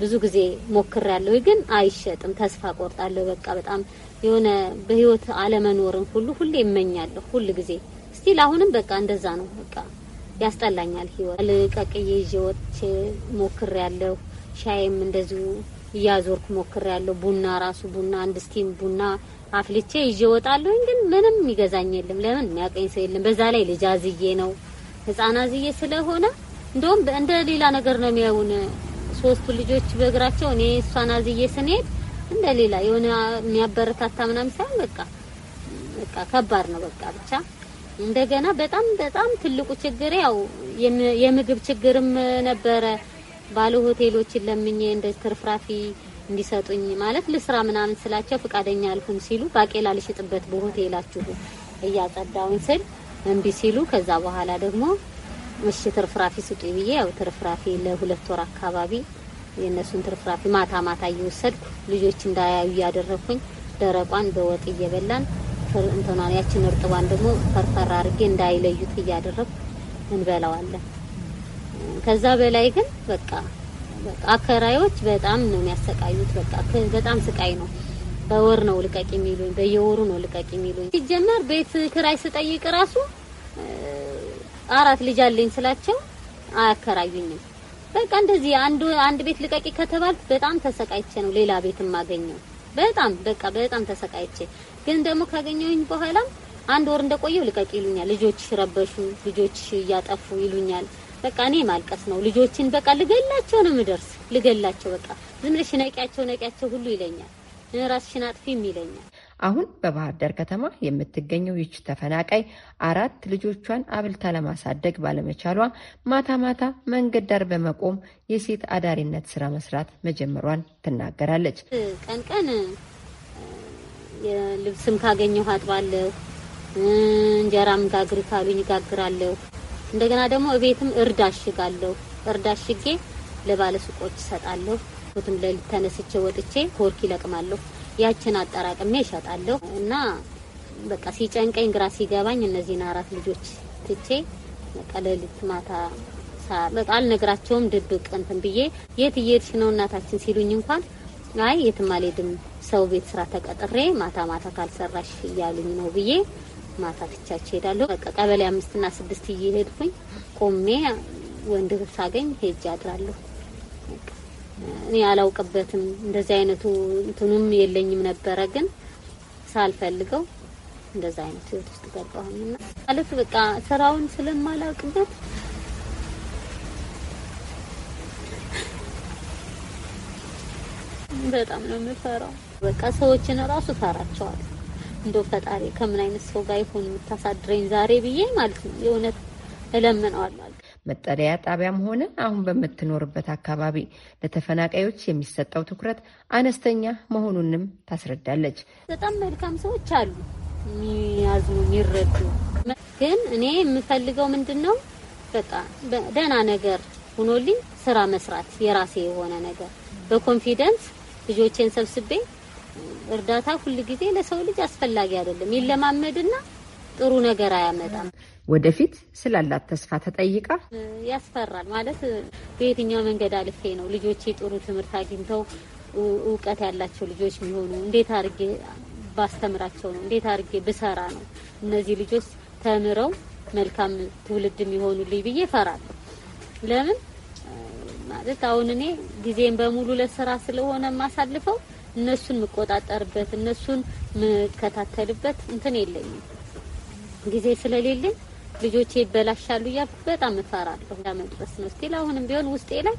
ብዙ ጊዜ ሞክሬያለሁ፣ ግን አይሸጥም። ተስፋ ቆርጣለሁ። በቃ በጣም የሆነ በህይወት አለመኖርን ሁሉ ሁሌ ይመኛለሁ። ሁል ጊዜ ስቲል አሁንም በቃ እንደዛ ነው። በቃ ያስጠላኛል ህይወት። ልቀቅዬ ይዤ ወጥቼ ሞክሬያለሁ። ሻይም እንደዚሁ እያዞርኩ ሞክሬያለሁ። ቡና ራሱ ቡና አንድ ስቲም ቡና አፍልቼ ይዤ ወጣለሁ፣ ግን ምንም ይገዛኝ የለም። ለምን የሚያቀኝ ሰው የለም። በዛ ላይ ልጅ አዝዬ ነው ህጻናዝዬ ስለሆነ እንደውም እንደ ሌላ ነገር ነው የሚያዩን። ሶስቱ ልጆች በእግራቸው እኔ እሷን አዝዬ ስንሄድ እንደ ሌላ የሆነ የሚያበረታታ ምናምን ሳይሆን በቃ በቃ ከባድ ነው። በቃ ብቻ እንደገና በጣም በጣም ትልቁ ችግር ያው የምግብ ችግርም ነበረ። ባለ ሆቴሎችን ለምኜ እንደ ትርፍራፊ እንዲሰጡኝ ማለት ልስራ ምናምን ስላቸው ፍቃደኛ አልሁን ሲሉ ባቄላ ልሽጥበት በሆቴላችሁ እያጸዳውን ስል እምቢ ሲሉ ከዛ በኋላ ደግሞ እሺ ትርፍራፊ ስጡ ብዬ ያው ትርፍራፊ ለሁለት ወር አካባቢ የእነሱን ትርፍራፊ ማታ ማታ እየወሰድኩ ልጆች እንዳያዩ እያደረግኩኝ ደረቋን በወጥ እየበላን እንትኗን ያችን እርጥቧን ደግሞ ፈርፈር አድርጌ እንዳይለዩት እያደረኩ እንበላዋለን። ከዛ በላይ ግን በቃ በቃ አከራዮች በጣም ነው የሚያሰቃዩት። በቃ በጣም ስቃይ ነው። በወር ነው ልቀቅ የሚሉኝ፣ በየወሩ ነው ልቀቅ የሚሉኝ። ሲጀመር ቤት ክራይ ስጠይቅ ራሱ አራት ልጅ አለኝ ስላቸው አያከራዩኝም። በቃ እንደዚህ አንዱ አንድ ቤት ልቀቂ ከተባልኩ በጣም ተሰቃይቼ ነው ሌላ ቤት የማገኘው። በጣም በቃ በጣም ተሰቃይቼ ግን ደግሞ ካገኘሁኝ በኋላም አንድ ወር እንደቆየው ልቀቂ ይሉኛል። ልጆች ረበሹ፣ ልጆች እያጠፉ ይሉኛል። በቃ እኔ ማልቀስ ነው። ልጆችን በቃ ልገላቸው ነው ምደርስ ልገላቸው። በቃ ዝም ብለሽ ነቂያቸው ነቂያቸው ሁሉ ይለኛል። ራስሽን አጥፊም ይለኛል። አሁን በባህር ዳር ከተማ የምትገኘው ይች ተፈናቃይ አራት ልጆቿን አብልታ ለማሳደግ ባለመቻሏ ማታ ማታ መንገድ ዳር በመቆም የሴት አዳሪነት ስራ መስራት መጀመሯን ትናገራለች። ቀን ቀን ልብስም ካገኘሁ አጥባለሁ፣ እንጀራም ጋግሪ ካሉኝ ጋግራለሁ። እንደገና ደግሞ እቤትም እርድ አሽጋለሁ። እርድ አሽጌ ለባለሱቆች እሰጣለሁ። ያለበትን ሌሊት ተነስቼ ወጥቼ ኮርክ ይለቅማለሁ። ያችን አጠራቅሜ ይሸጣለሁ እና በቃ ሲጨንቀኝ ግራ ሲገባኝ እነዚህን አራት ልጆች ትቼ በቃ ሌሊት ማታ በቃ አልነግራቸውም ድብቅ እንትን ብዬ የት እየሄድሽ ነው እናታችን ሲሉኝ እንኳን አይ የትም አልሄድም ሰው ቤት ስራ ተቀጥሬ ማታ ማታ ካልሰራሽ እያሉኝ ነው ብዬ ማታ ትቻቸው ሄዳለሁ። በቃ ቀበሌ አምስትና ስድስት እየሄድኩኝ ቆሜ ወንድ ሳገኝ ሄጄ አድራለሁ። እኔ አላውቅበትም። እንደዚህ አይነቱ እንትኑም የለኝም ነበረ። ግን ሳልፈልገው እንደዚህ አይነት ህይወት ውስጥ ማለት በቃ ስራውን ስለማላውቅበት በጣም ነው የምፈራው። በቃ ሰዎችን እራሱ ፈራቸዋል እንደው ፈጣሪ ከምን አይነት ሰው ጋር ይሆን የምታሳድረኝ ዛሬ ብዬ ማለት ነው የእውነት እለምነዋለሁ። መጠለያ ጣቢያም ሆነ አሁን በምትኖርበት አካባቢ ለተፈናቃዮች የሚሰጠው ትኩረት አነስተኛ መሆኑንም ታስረዳለች። በጣም መልካም ሰዎች አሉ የሚያዝኑ የሚረዱ። ግን እኔ የምፈልገው ምንድን ነው በቃ ደህና ነገር ሆኖልኝ ስራ መስራት የራሴ የሆነ ነገር በኮንፊደንስ ልጆቼን ሰብስቤ እርዳታ ጊዜ ለሰው ልጅ አስፈላጊ አይደለም ይለማመድና ጥሩ ነገር አያመጣም። ወደፊት ስላላት ተስፋ ተጠይቃ ያስፈራል ማለት በየትኛው መንገድ አልፌ ነው ልጆቼ ጥሩ ትምህርት አግኝተው እውቀት ያላቸው ልጆች የሚሆኑ እንዴት አድርጌ ባስተምራቸው ነው? እንዴት አድርጌ ብሰራ ነው እነዚህ ልጆች ተምረው መልካም ትውልድ የሚሆኑልኝ ብዬ ፈራለሁ ለምን ማለት አሁን እኔ ጊዜን በሙሉ ለስራ ስለሆነ የማሳልፈው እነሱን የምቆጣጠርበት እነሱን የምከታተልበት እንትን የለኝም። ጊዜ ስለሌለኝ ልጆቼ ይበላሻሉ ያ በጣም እፈራለሁ። ለመድረስ ነው ስቲል አሁንም ቢሆን ውስጤ ላይ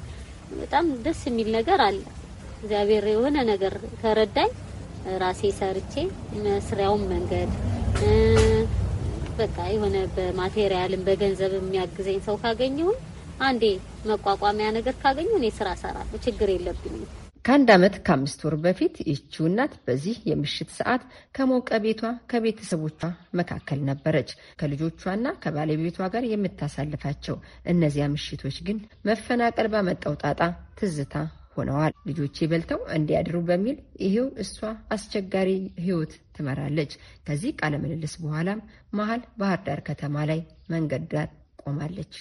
በጣም ደስ የሚል ነገር አለ። እግዚአብሔር የሆነ ነገር ከረዳኝ ራሴ ሰርቼ መስሪያውን መንገድ በቃ የሆነ በማቴሪያልም በገንዘብ የሚያግዘኝ ሰው ካገኘሁ አንዴ መቋቋሚያ ነገር ካገኘሁ እኔ ስራ ሰራለሁ፣ ችግር የለብኝም። ከአንድ ዓመት ከአምስት ወር በፊት ይቺው እናት በዚህ የምሽት ሰዓት ከሞቀ ቤቷ ከቤተሰቦቿ መካከል ነበረች። ከልጆቿና ከባለቤቷ ጋር የምታሳልፋቸው እነዚያ ምሽቶች ግን መፈናቀል ባመጣው ጣጣ ትዝታ ሆነዋል። ልጆቼ በልተው እንዲያድሩ በሚል ይሄው እሷ አስቸጋሪ ህይወት ትመራለች። ከዚህ ቃለ ምልልስ በኋላም መሀል ባህር ዳር ከተማ ላይ መንገድ ዳር ቆማለች።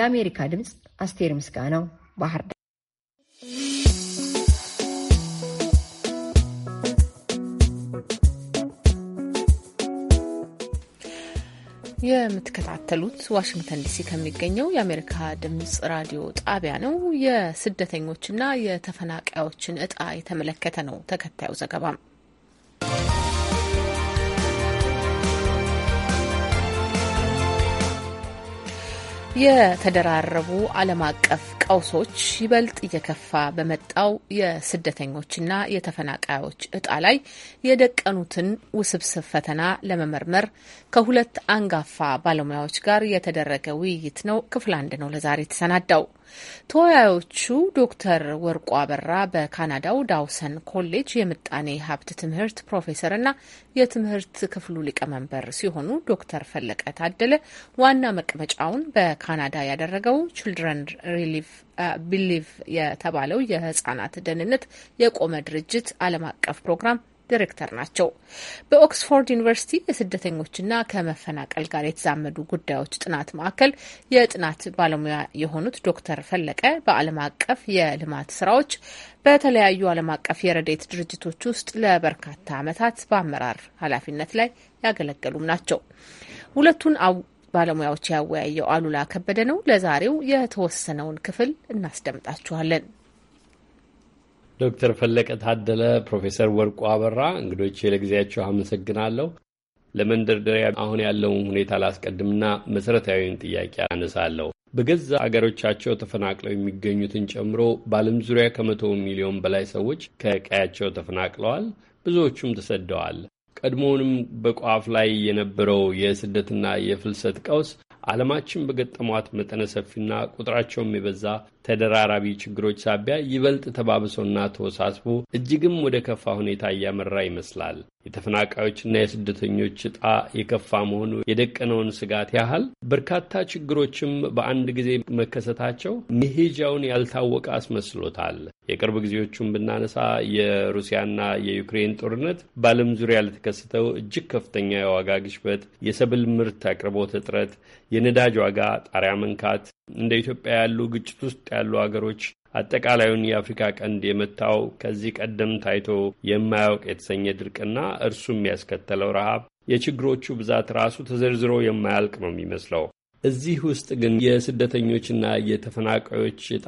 ለአሜሪካ ድምፅ አስቴር ምስጋናው ባህር ዳር የምትከታተሉት ዋሽንግተን ዲሲ ከሚገኘው የአሜሪካ ድምጽ ራዲዮ ጣቢያ ነው። የስደተኞችና የተፈናቃዮችን እጣ የተመለከተ ነው ተከታዩ ዘገባም የተደራረቡ ዓለም አቀፍ ቀውሶች ይበልጥ እየከፋ በመጣው የስደተኞችና የተፈናቃዮች እጣ ላይ የደቀኑትን ውስብስብ ፈተና ለመመርመር ከሁለት አንጋፋ ባለሙያዎች ጋር የተደረገ ውይይት ነው። ክፍል አንድ ነው ለዛሬ የተሰናዳው። ተወያዮቹ ዶክተር ወርቁ አበራ በካናዳው ዳውሰን ኮሌጅ የምጣኔ ሀብት ትምህርት ፕሮፌሰርና የትምህርት ክፍሉ ሊቀመንበር ሲሆኑ ዶክተር ፈለቀ ታደለ ዋና መቀመጫውን በካናዳ ያደረገው ችልድረን ሪሊፍ ቢሊቭ የተባለው የህጻናት ደህንነት የቆመ ድርጅት ዓለም አቀፍ ፕሮግራም ዲሬክተር ናቸው። በኦክስፎርድ ዩኒቨርሲቲ የስደተኞችና ከመፈናቀል ጋር የተዛመዱ ጉዳዮች ጥናት ማዕከል የጥናት ባለሙያ የሆኑት ዶክተር ፈለቀ በዓለም አቀፍ የልማት ስራዎች በተለያዩ ዓለም አቀፍ የረድኤት ድርጅቶች ውስጥ ለበርካታ ዓመታት በአመራር ኃላፊነት ላይ ያገለገሉም ናቸው። ሁለቱን ባለሙያዎች ያወያየው አሉላ ከበደ ነው። ለዛሬው የተወሰነውን ክፍል እናስደምጣችኋለን። ዶክተር ፈለቀ ታደለ፣ ፕሮፌሰር ወርቁ አበራ እንግዶቼ ለጊዜያቸው አመሰግናለሁ። ለመንደርደሪያ አሁን ያለውን ሁኔታ ላስቀድምና መሰረታዊውን ጥያቄ አነሳለሁ። በገዛ አገሮቻቸው ተፈናቅለው የሚገኙትን ጨምሮ በዓለም ዙሪያ ከመቶ ሚሊዮን በላይ ሰዎች ከቀያቸው ተፈናቅለዋል፣ ብዙዎቹም ተሰደዋል። ቀድሞውንም በቋፍ ላይ የነበረው የስደትና የፍልሰት ቀውስ ዓለማችን በገጠሟት መጠነ ሰፊና ቁጥራቸውም የበዛ ተደራራቢ ችግሮች ሳቢያ ይበልጥ ተባብሶና ተወሳስቦ እጅግም ወደ ከፋ ሁኔታ እያመራ ይመስላል። የተፈናቃዮችና የስደተኞች እጣ የከፋ መሆኑ የደቀነውን ስጋት ያህል በርካታ ችግሮችም በአንድ ጊዜ መከሰታቸው መሄጃውን ያልታወቀ አስመስሎታል። የቅርብ ጊዜዎቹን ብናነሳ የሩሲያና የዩክሬን ጦርነት በዓለም ዙሪያ ለተከሰተው እጅግ ከፍተኛ የዋጋ ግሽበት፣ የሰብል ምርት አቅርቦት እጥረት የነዳጅ ዋጋ ጣሪያ መንካት እንደ ኢትዮጵያ ያሉ ግጭት ውስጥ ያሉ ሀገሮች አጠቃላዩን የአፍሪካ ቀንድ የመታው ከዚህ ቀደም ታይቶ የማያውቅ የተሰኘ ድርቅና እርሱም ያስከተለው ረሃብ የችግሮቹ ብዛት ራሱ ተዘርዝሮ የማያልቅ ነው የሚመስለው። እዚህ ውስጥ ግን የስደተኞችና የተፈናቃዮች ዕጣ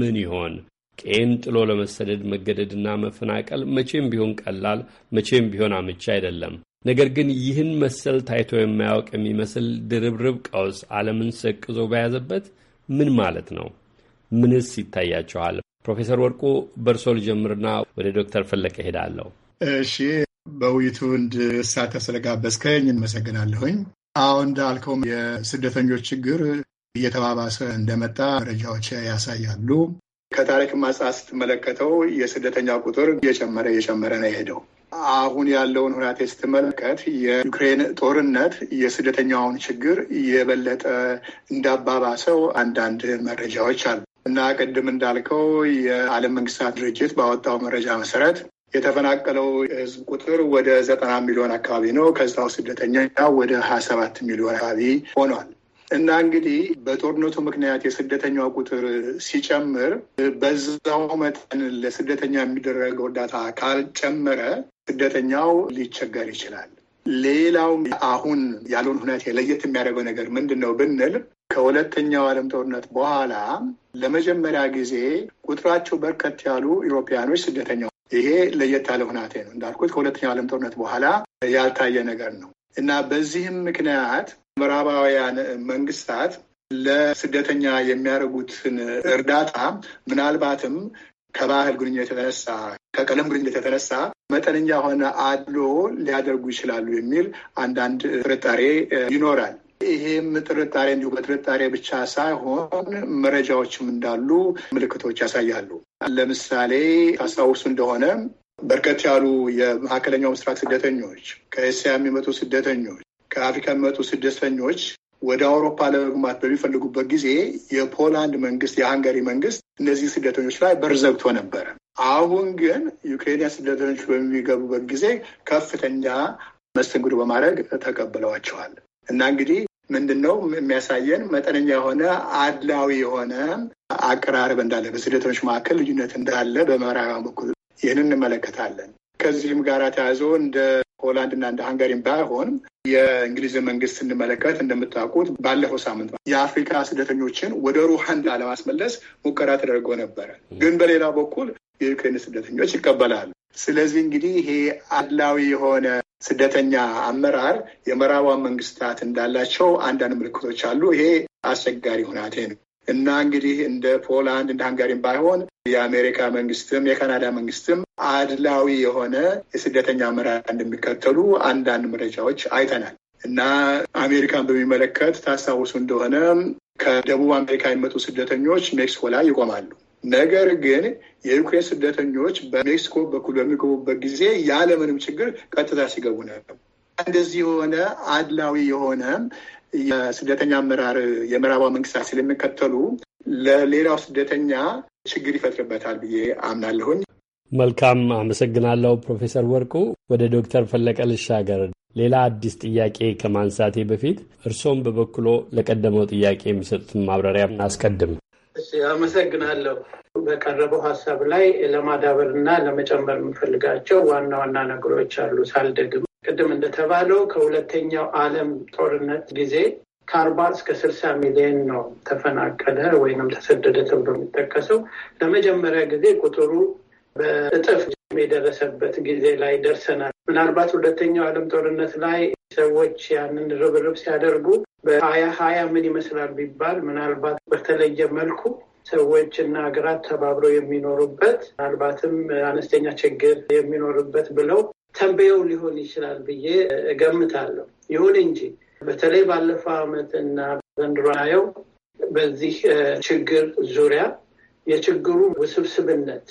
ምን ይሆን? ቄን ጥሎ ለመሰደድ መገደድና መፈናቀል መቼም ቢሆን ቀላል፣ መቼም ቢሆን አመቺ አይደለም። ነገር ግን ይህን መሰል ታይቶ የማያውቅ የሚመስል ድርብርብ ቀውስ ዓለምን ሰቅዞ በያዘበት ምን ማለት ነው? ምንስ ይታያቸዋል ፕሮፌሰር ወርቁ በእርሶ ልጀምርና ወደ ዶክተር ፈለቀ ሄዳለሁ። እሺ፣ በውይይቱ እንድሳተፍ ስለጋበዝከኝ እንመሰግናለሁኝ። አዎ እንዳልከውም የስደተኞች ችግር እየተባባሰ እንደመጣ መረጃዎች ያሳያሉ። ከታሪክ ማጻ ስትመለከተው የስደተኛ ቁጥር እየጨመረ እየጨመረ ነው የሄደው አሁን ያለውን ሁኔታ ስትመለከት የዩክሬን ጦርነት የስደተኛውን ችግር የበለጠ እንዳባባሰው አንዳንድ መረጃዎች አሉ እና ቅድም እንዳልከው የዓለም መንግስታት ድርጅት ባወጣው መረጃ መሰረት የተፈናቀለው ህዝብ ቁጥር ወደ ዘጠና ሚሊዮን አካባቢ ነው። ከዛው ስደተኛ ወደ ሀያ ሰባት ሚሊዮን አካባቢ ሆኗል። እና እንግዲህ በጦርነቱ ምክንያት የስደተኛው ቁጥር ሲጨምር በዛው መጠን ለስደተኛ የሚደረገው እርዳታ ካልጨመረ ስደተኛው ሊቸገር ይችላል። ሌላው አሁን ያሉን ሁኔታ ለየት የሚያደርገው ነገር ምንድን ነው ብንል ከሁለተኛው ዓለም ጦርነት በኋላ ለመጀመሪያ ጊዜ ቁጥራቸው በርከት ያሉ ኢሮፓያኖች ስደተኛው ይሄ ለየት ያለ ሁናቴ ነው። እንዳልኩት ከሁለተኛው ዓለም ጦርነት በኋላ ያልታየ ነገር ነው እና በዚህም ምክንያት ምዕራባውያን መንግስታት ለስደተኛ የሚያደርጉትን እርዳታ ምናልባትም ከባህል ግንኙነት የተነሳ ከቀለም ግንኙነት የተነሳ መጠነኛ የሆነ አድሎ ሊያደርጉ ይችላሉ የሚል አንዳንድ ጥርጣሬ ይኖራል። ይህም ጥርጣሬ እንዲሁ በጥርጣሬ ብቻ ሳይሆን መረጃዎችም እንዳሉ ምልክቶች ያሳያሉ። ለምሳሌ ታስታውሱ እንደሆነ በርከት ያሉ የመካከለኛው ምስራቅ ስደተኞች፣ ከእስያ የሚመጡ ስደተኞች፣ ከአፍሪካ የሚመጡ ስደተኞች ወደ አውሮፓ ለመግባት በሚፈልጉበት ጊዜ የፖላንድ መንግስት፣ የሃንገሪ መንግስት እነዚህ ስደተኞች ላይ በር ዘግቶ ነበረ። አሁን ግን ዩክሬንያ ስደተኞች በሚገቡበት ጊዜ ከፍተኛ መስተንግዶ በማድረግ ተቀብለዋቸዋል። እና እንግዲህ ምንድን ነው የሚያሳየን መጠነኛ የሆነ አድላዊ የሆነ አቀራረብ እንዳለ፣ በስደተኞች መካከል ልዩነት እንዳለ በምዕራባውያን በኩል ይህን እንመለከታለን። ከዚህም ጋር ተያይዞ እንደ ሆላንድ እና እንደ ሃንጋሪም ባይሆንም የእንግሊዝ መንግስት ስንመለከት እንደምታውቁት ባለፈው ሳምንት የአፍሪካ ስደተኞችን ወደ ሩሃንዳ ለማስመለስ ሙከራ ተደርጎ ነበረ። ግን በሌላ በኩል የዩክሬን ስደተኞች ይቀበላሉ። ስለዚህ እንግዲህ ይሄ አድላዊ የሆነ ስደተኛ አመራር የምዕራባን መንግስታት እንዳላቸው አንዳንድ ምልክቶች አሉ። ይሄ አስቸጋሪ ሁናቴ ነው። እና እንግዲህ እንደ ፖላንድ እንደ ሃንጋሪም ባይሆን የአሜሪካ መንግስትም የካናዳ መንግስትም አድላዊ የሆነ የስደተኛ አመራር እንደሚከተሉ አንዳንድ መረጃዎች አይተናል። እና አሜሪካን በሚመለከት ታስታውሱ እንደሆነ ከደቡብ አሜሪካ የሚመጡ ስደተኞች ሜክሲኮ ላይ ይቆማሉ። ነገር ግን የዩክሬን ስደተኞች በሜክሲኮ በኩል በሚገቡበት ጊዜ ያለምንም ችግር ቀጥታ ሲገቡ ነበር። እንደዚህ የሆነ አድላዊ የሆነ የስደተኛ አመራር የምዕራባ መንግስታት ስለሚከተሉ ለሌላው ስደተኛ ችግር ይፈጥርበታል ብዬ አምናለሁኝ። መልካም አመሰግናለሁ ፕሮፌሰር ወርቁ። ወደ ዶክተር ፈለቀ ልሻገር። ሌላ አዲስ ጥያቄ ከማንሳቴ በፊት እርስዎም በበኩሎ ለቀደመው ጥያቄ የሚሰጡትን ማብራሪያ አስቀድም። አመሰግናለሁ። በቀረበው ሀሳብ ላይ ለማዳበር እና ለመጨመር የምፈልጋቸው ዋና ዋና ነገሮች አሉ ሳልደግም ቅድም እንደተባለው ከሁለተኛው ዓለም ጦርነት ጊዜ ከአርባ እስከ ስልሳ ሚሊዮን ነው ተፈናቀለ ወይም ተሰደደ ተብሎ የሚጠቀሰው። ለመጀመሪያ ጊዜ ቁጥሩ በእጥፍ የደረሰበት ጊዜ ላይ ደርሰናል። ምናልባት ሁለተኛው ዓለም ጦርነት ላይ ሰዎች ያንን ርብርብ ሲያደርጉ በሀያ ሀያ ምን ይመስላል ቢባል ምናልባት በተለየ መልኩ ሰዎች እና ሀገራት ተባብረው የሚኖሩበት ምናልባትም አነስተኛ ችግር የሚኖርበት ብለው ተንበየው ሊሆን ይችላል ብዬ እገምታለሁ። ይሁን እንጂ በተለይ ባለፈው ዓመት እና ዘንድሮ ናየው በዚህ ችግር ዙሪያ የችግሩ ውስብስብነት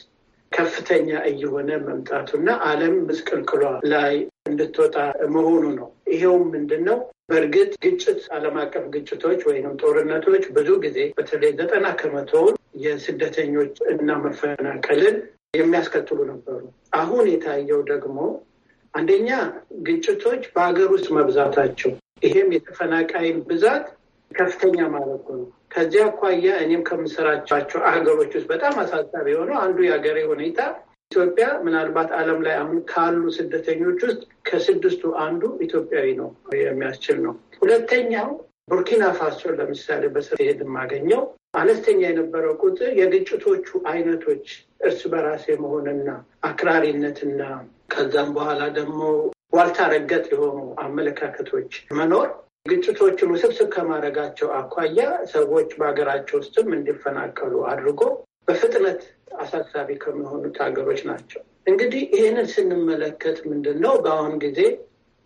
ከፍተኛ እየሆነ መምጣቱና ዓለም ምስቅልቅሏ ላይ እንድትወጣ መሆኑ ነው። ይሄውም ምንድን ነው? በእርግጥ ግጭት፣ ዓለም አቀፍ ግጭቶች ወይም ጦርነቶች ብዙ ጊዜ በተለይ ዘጠና ከመቶውን የስደተኞች እና መፈናቀልን የሚያስከትሉ ነበሩ። አሁን የታየው ደግሞ አንደኛ ግጭቶች በሀገር ውስጥ መብዛታቸው፣ ይሄም የተፈናቃይን ብዛት ከፍተኛ ማለት ነው። ከዚያ አኳያ እኔም ከምሰራቻቸው ሀገሮች ውስጥ በጣም አሳሳቢ የሆነው አንዱ የሀገሬ ሁኔታ ኢትዮጵያ ምናልባት ዓለም ላይ አሁን ካሉ ስደተኞች ውስጥ ከስድስቱ አንዱ ኢትዮጵያዊ ነው የሚያስችል ነው። ሁለተኛው ቡርኪና ፋሶ ለምሳሌ በስሄድ የማገኘው አነስተኛ የነበረው ቁጥር የግጭቶቹ አይነቶች እርስ በራስ መሆንና አክራሪነትና ከዛም በኋላ ደግሞ ዋልታ ረገጥ የሆኑ አመለካከቶች መኖር ግጭቶችን ውስብስብ ከማድረጋቸው አኳያ ሰዎች በሀገራቸው ውስጥም እንዲፈናቀሉ አድርጎ በፍጥነት አሳሳቢ ከሚሆኑት ሀገሮች ናቸው። እንግዲህ ይህንን ስንመለከት ምንድን ነው በአሁን ጊዜ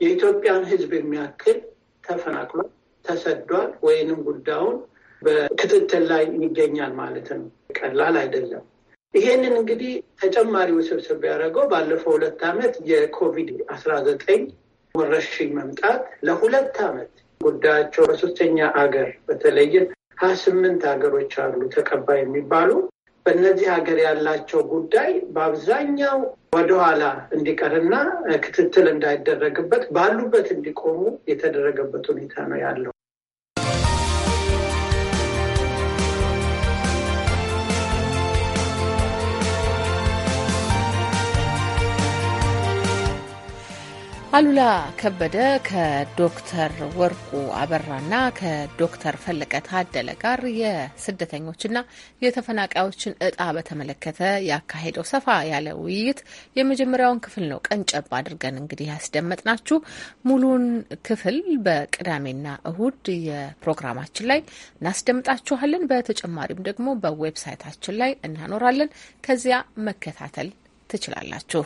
የኢትዮጵያን ሕዝብ የሚያክል ተፈናቅሏል፣ ተሰዷል፣ ወይንም ጉዳዩን በክትትል ላይ ይገኛል ማለት ነው። ቀላል አይደለም። ይሄንን እንግዲህ ተጨማሪ ውስብስብ ያደረገው ባለፈው ሁለት ዓመት የኮቪድ አስራ ዘጠኝ ወረርሽኝ መምጣት ለሁለት ዓመት ጉዳያቸው በሶስተኛ አገር በተለየ ሀያ ስምንት ሀገሮች አሉ ተቀባይ የሚባሉ በእነዚህ ሀገር ያላቸው ጉዳይ በአብዛኛው ወደኋላ እንዲቀርና ክትትል እንዳይደረግበት ባሉበት እንዲቆሙ የተደረገበት ሁኔታ ነው ያለው። አሉላ ከበደ ከዶክተር ወርቁ አበራና ከዶክተር ፈለቀ ታደለ ጋር የስደተኞችና የተፈናቃዮችን እጣ በተመለከተ ያካሄደው ሰፋ ያለ ውይይት የመጀመሪያውን ክፍል ነው ቀንጨብ አድርገን እንግዲህ ያስደመጥናችሁ። ሙሉን ክፍል በቅዳሜና እሁድ የፕሮግራማችን ላይ እናስደምጣችኋለን። በተጨማሪም ደግሞ በዌብሳይታችን ላይ እናኖራለን። ከዚያ መከታተል ትችላላችሁ።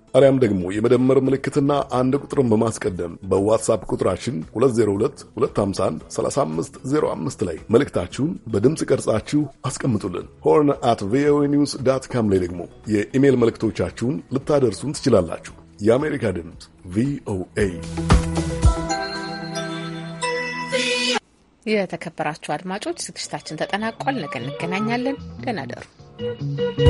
አሊያም ደግሞ የመደመር ምልክትና አንድ ቁጥርን በማስቀደም በዋትሳፕ ቁጥራችን 2022513505 ላይ መልእክታችሁን በድምፅ ቀርጻችሁ አስቀምጡልን። ሆርን አት ቪኦኤ ኒውስ ዳት ካም ላይ ደግሞ የኢሜይል መልእክቶቻችሁን ልታደርሱን ትችላላችሁ። የአሜሪካ ድምፅ ቪኦኤ የተከበራችሁ አድማጮች ዝግጅታችን ተጠናቋል። ነገ እንገናኛለን። ደህና ደሩ።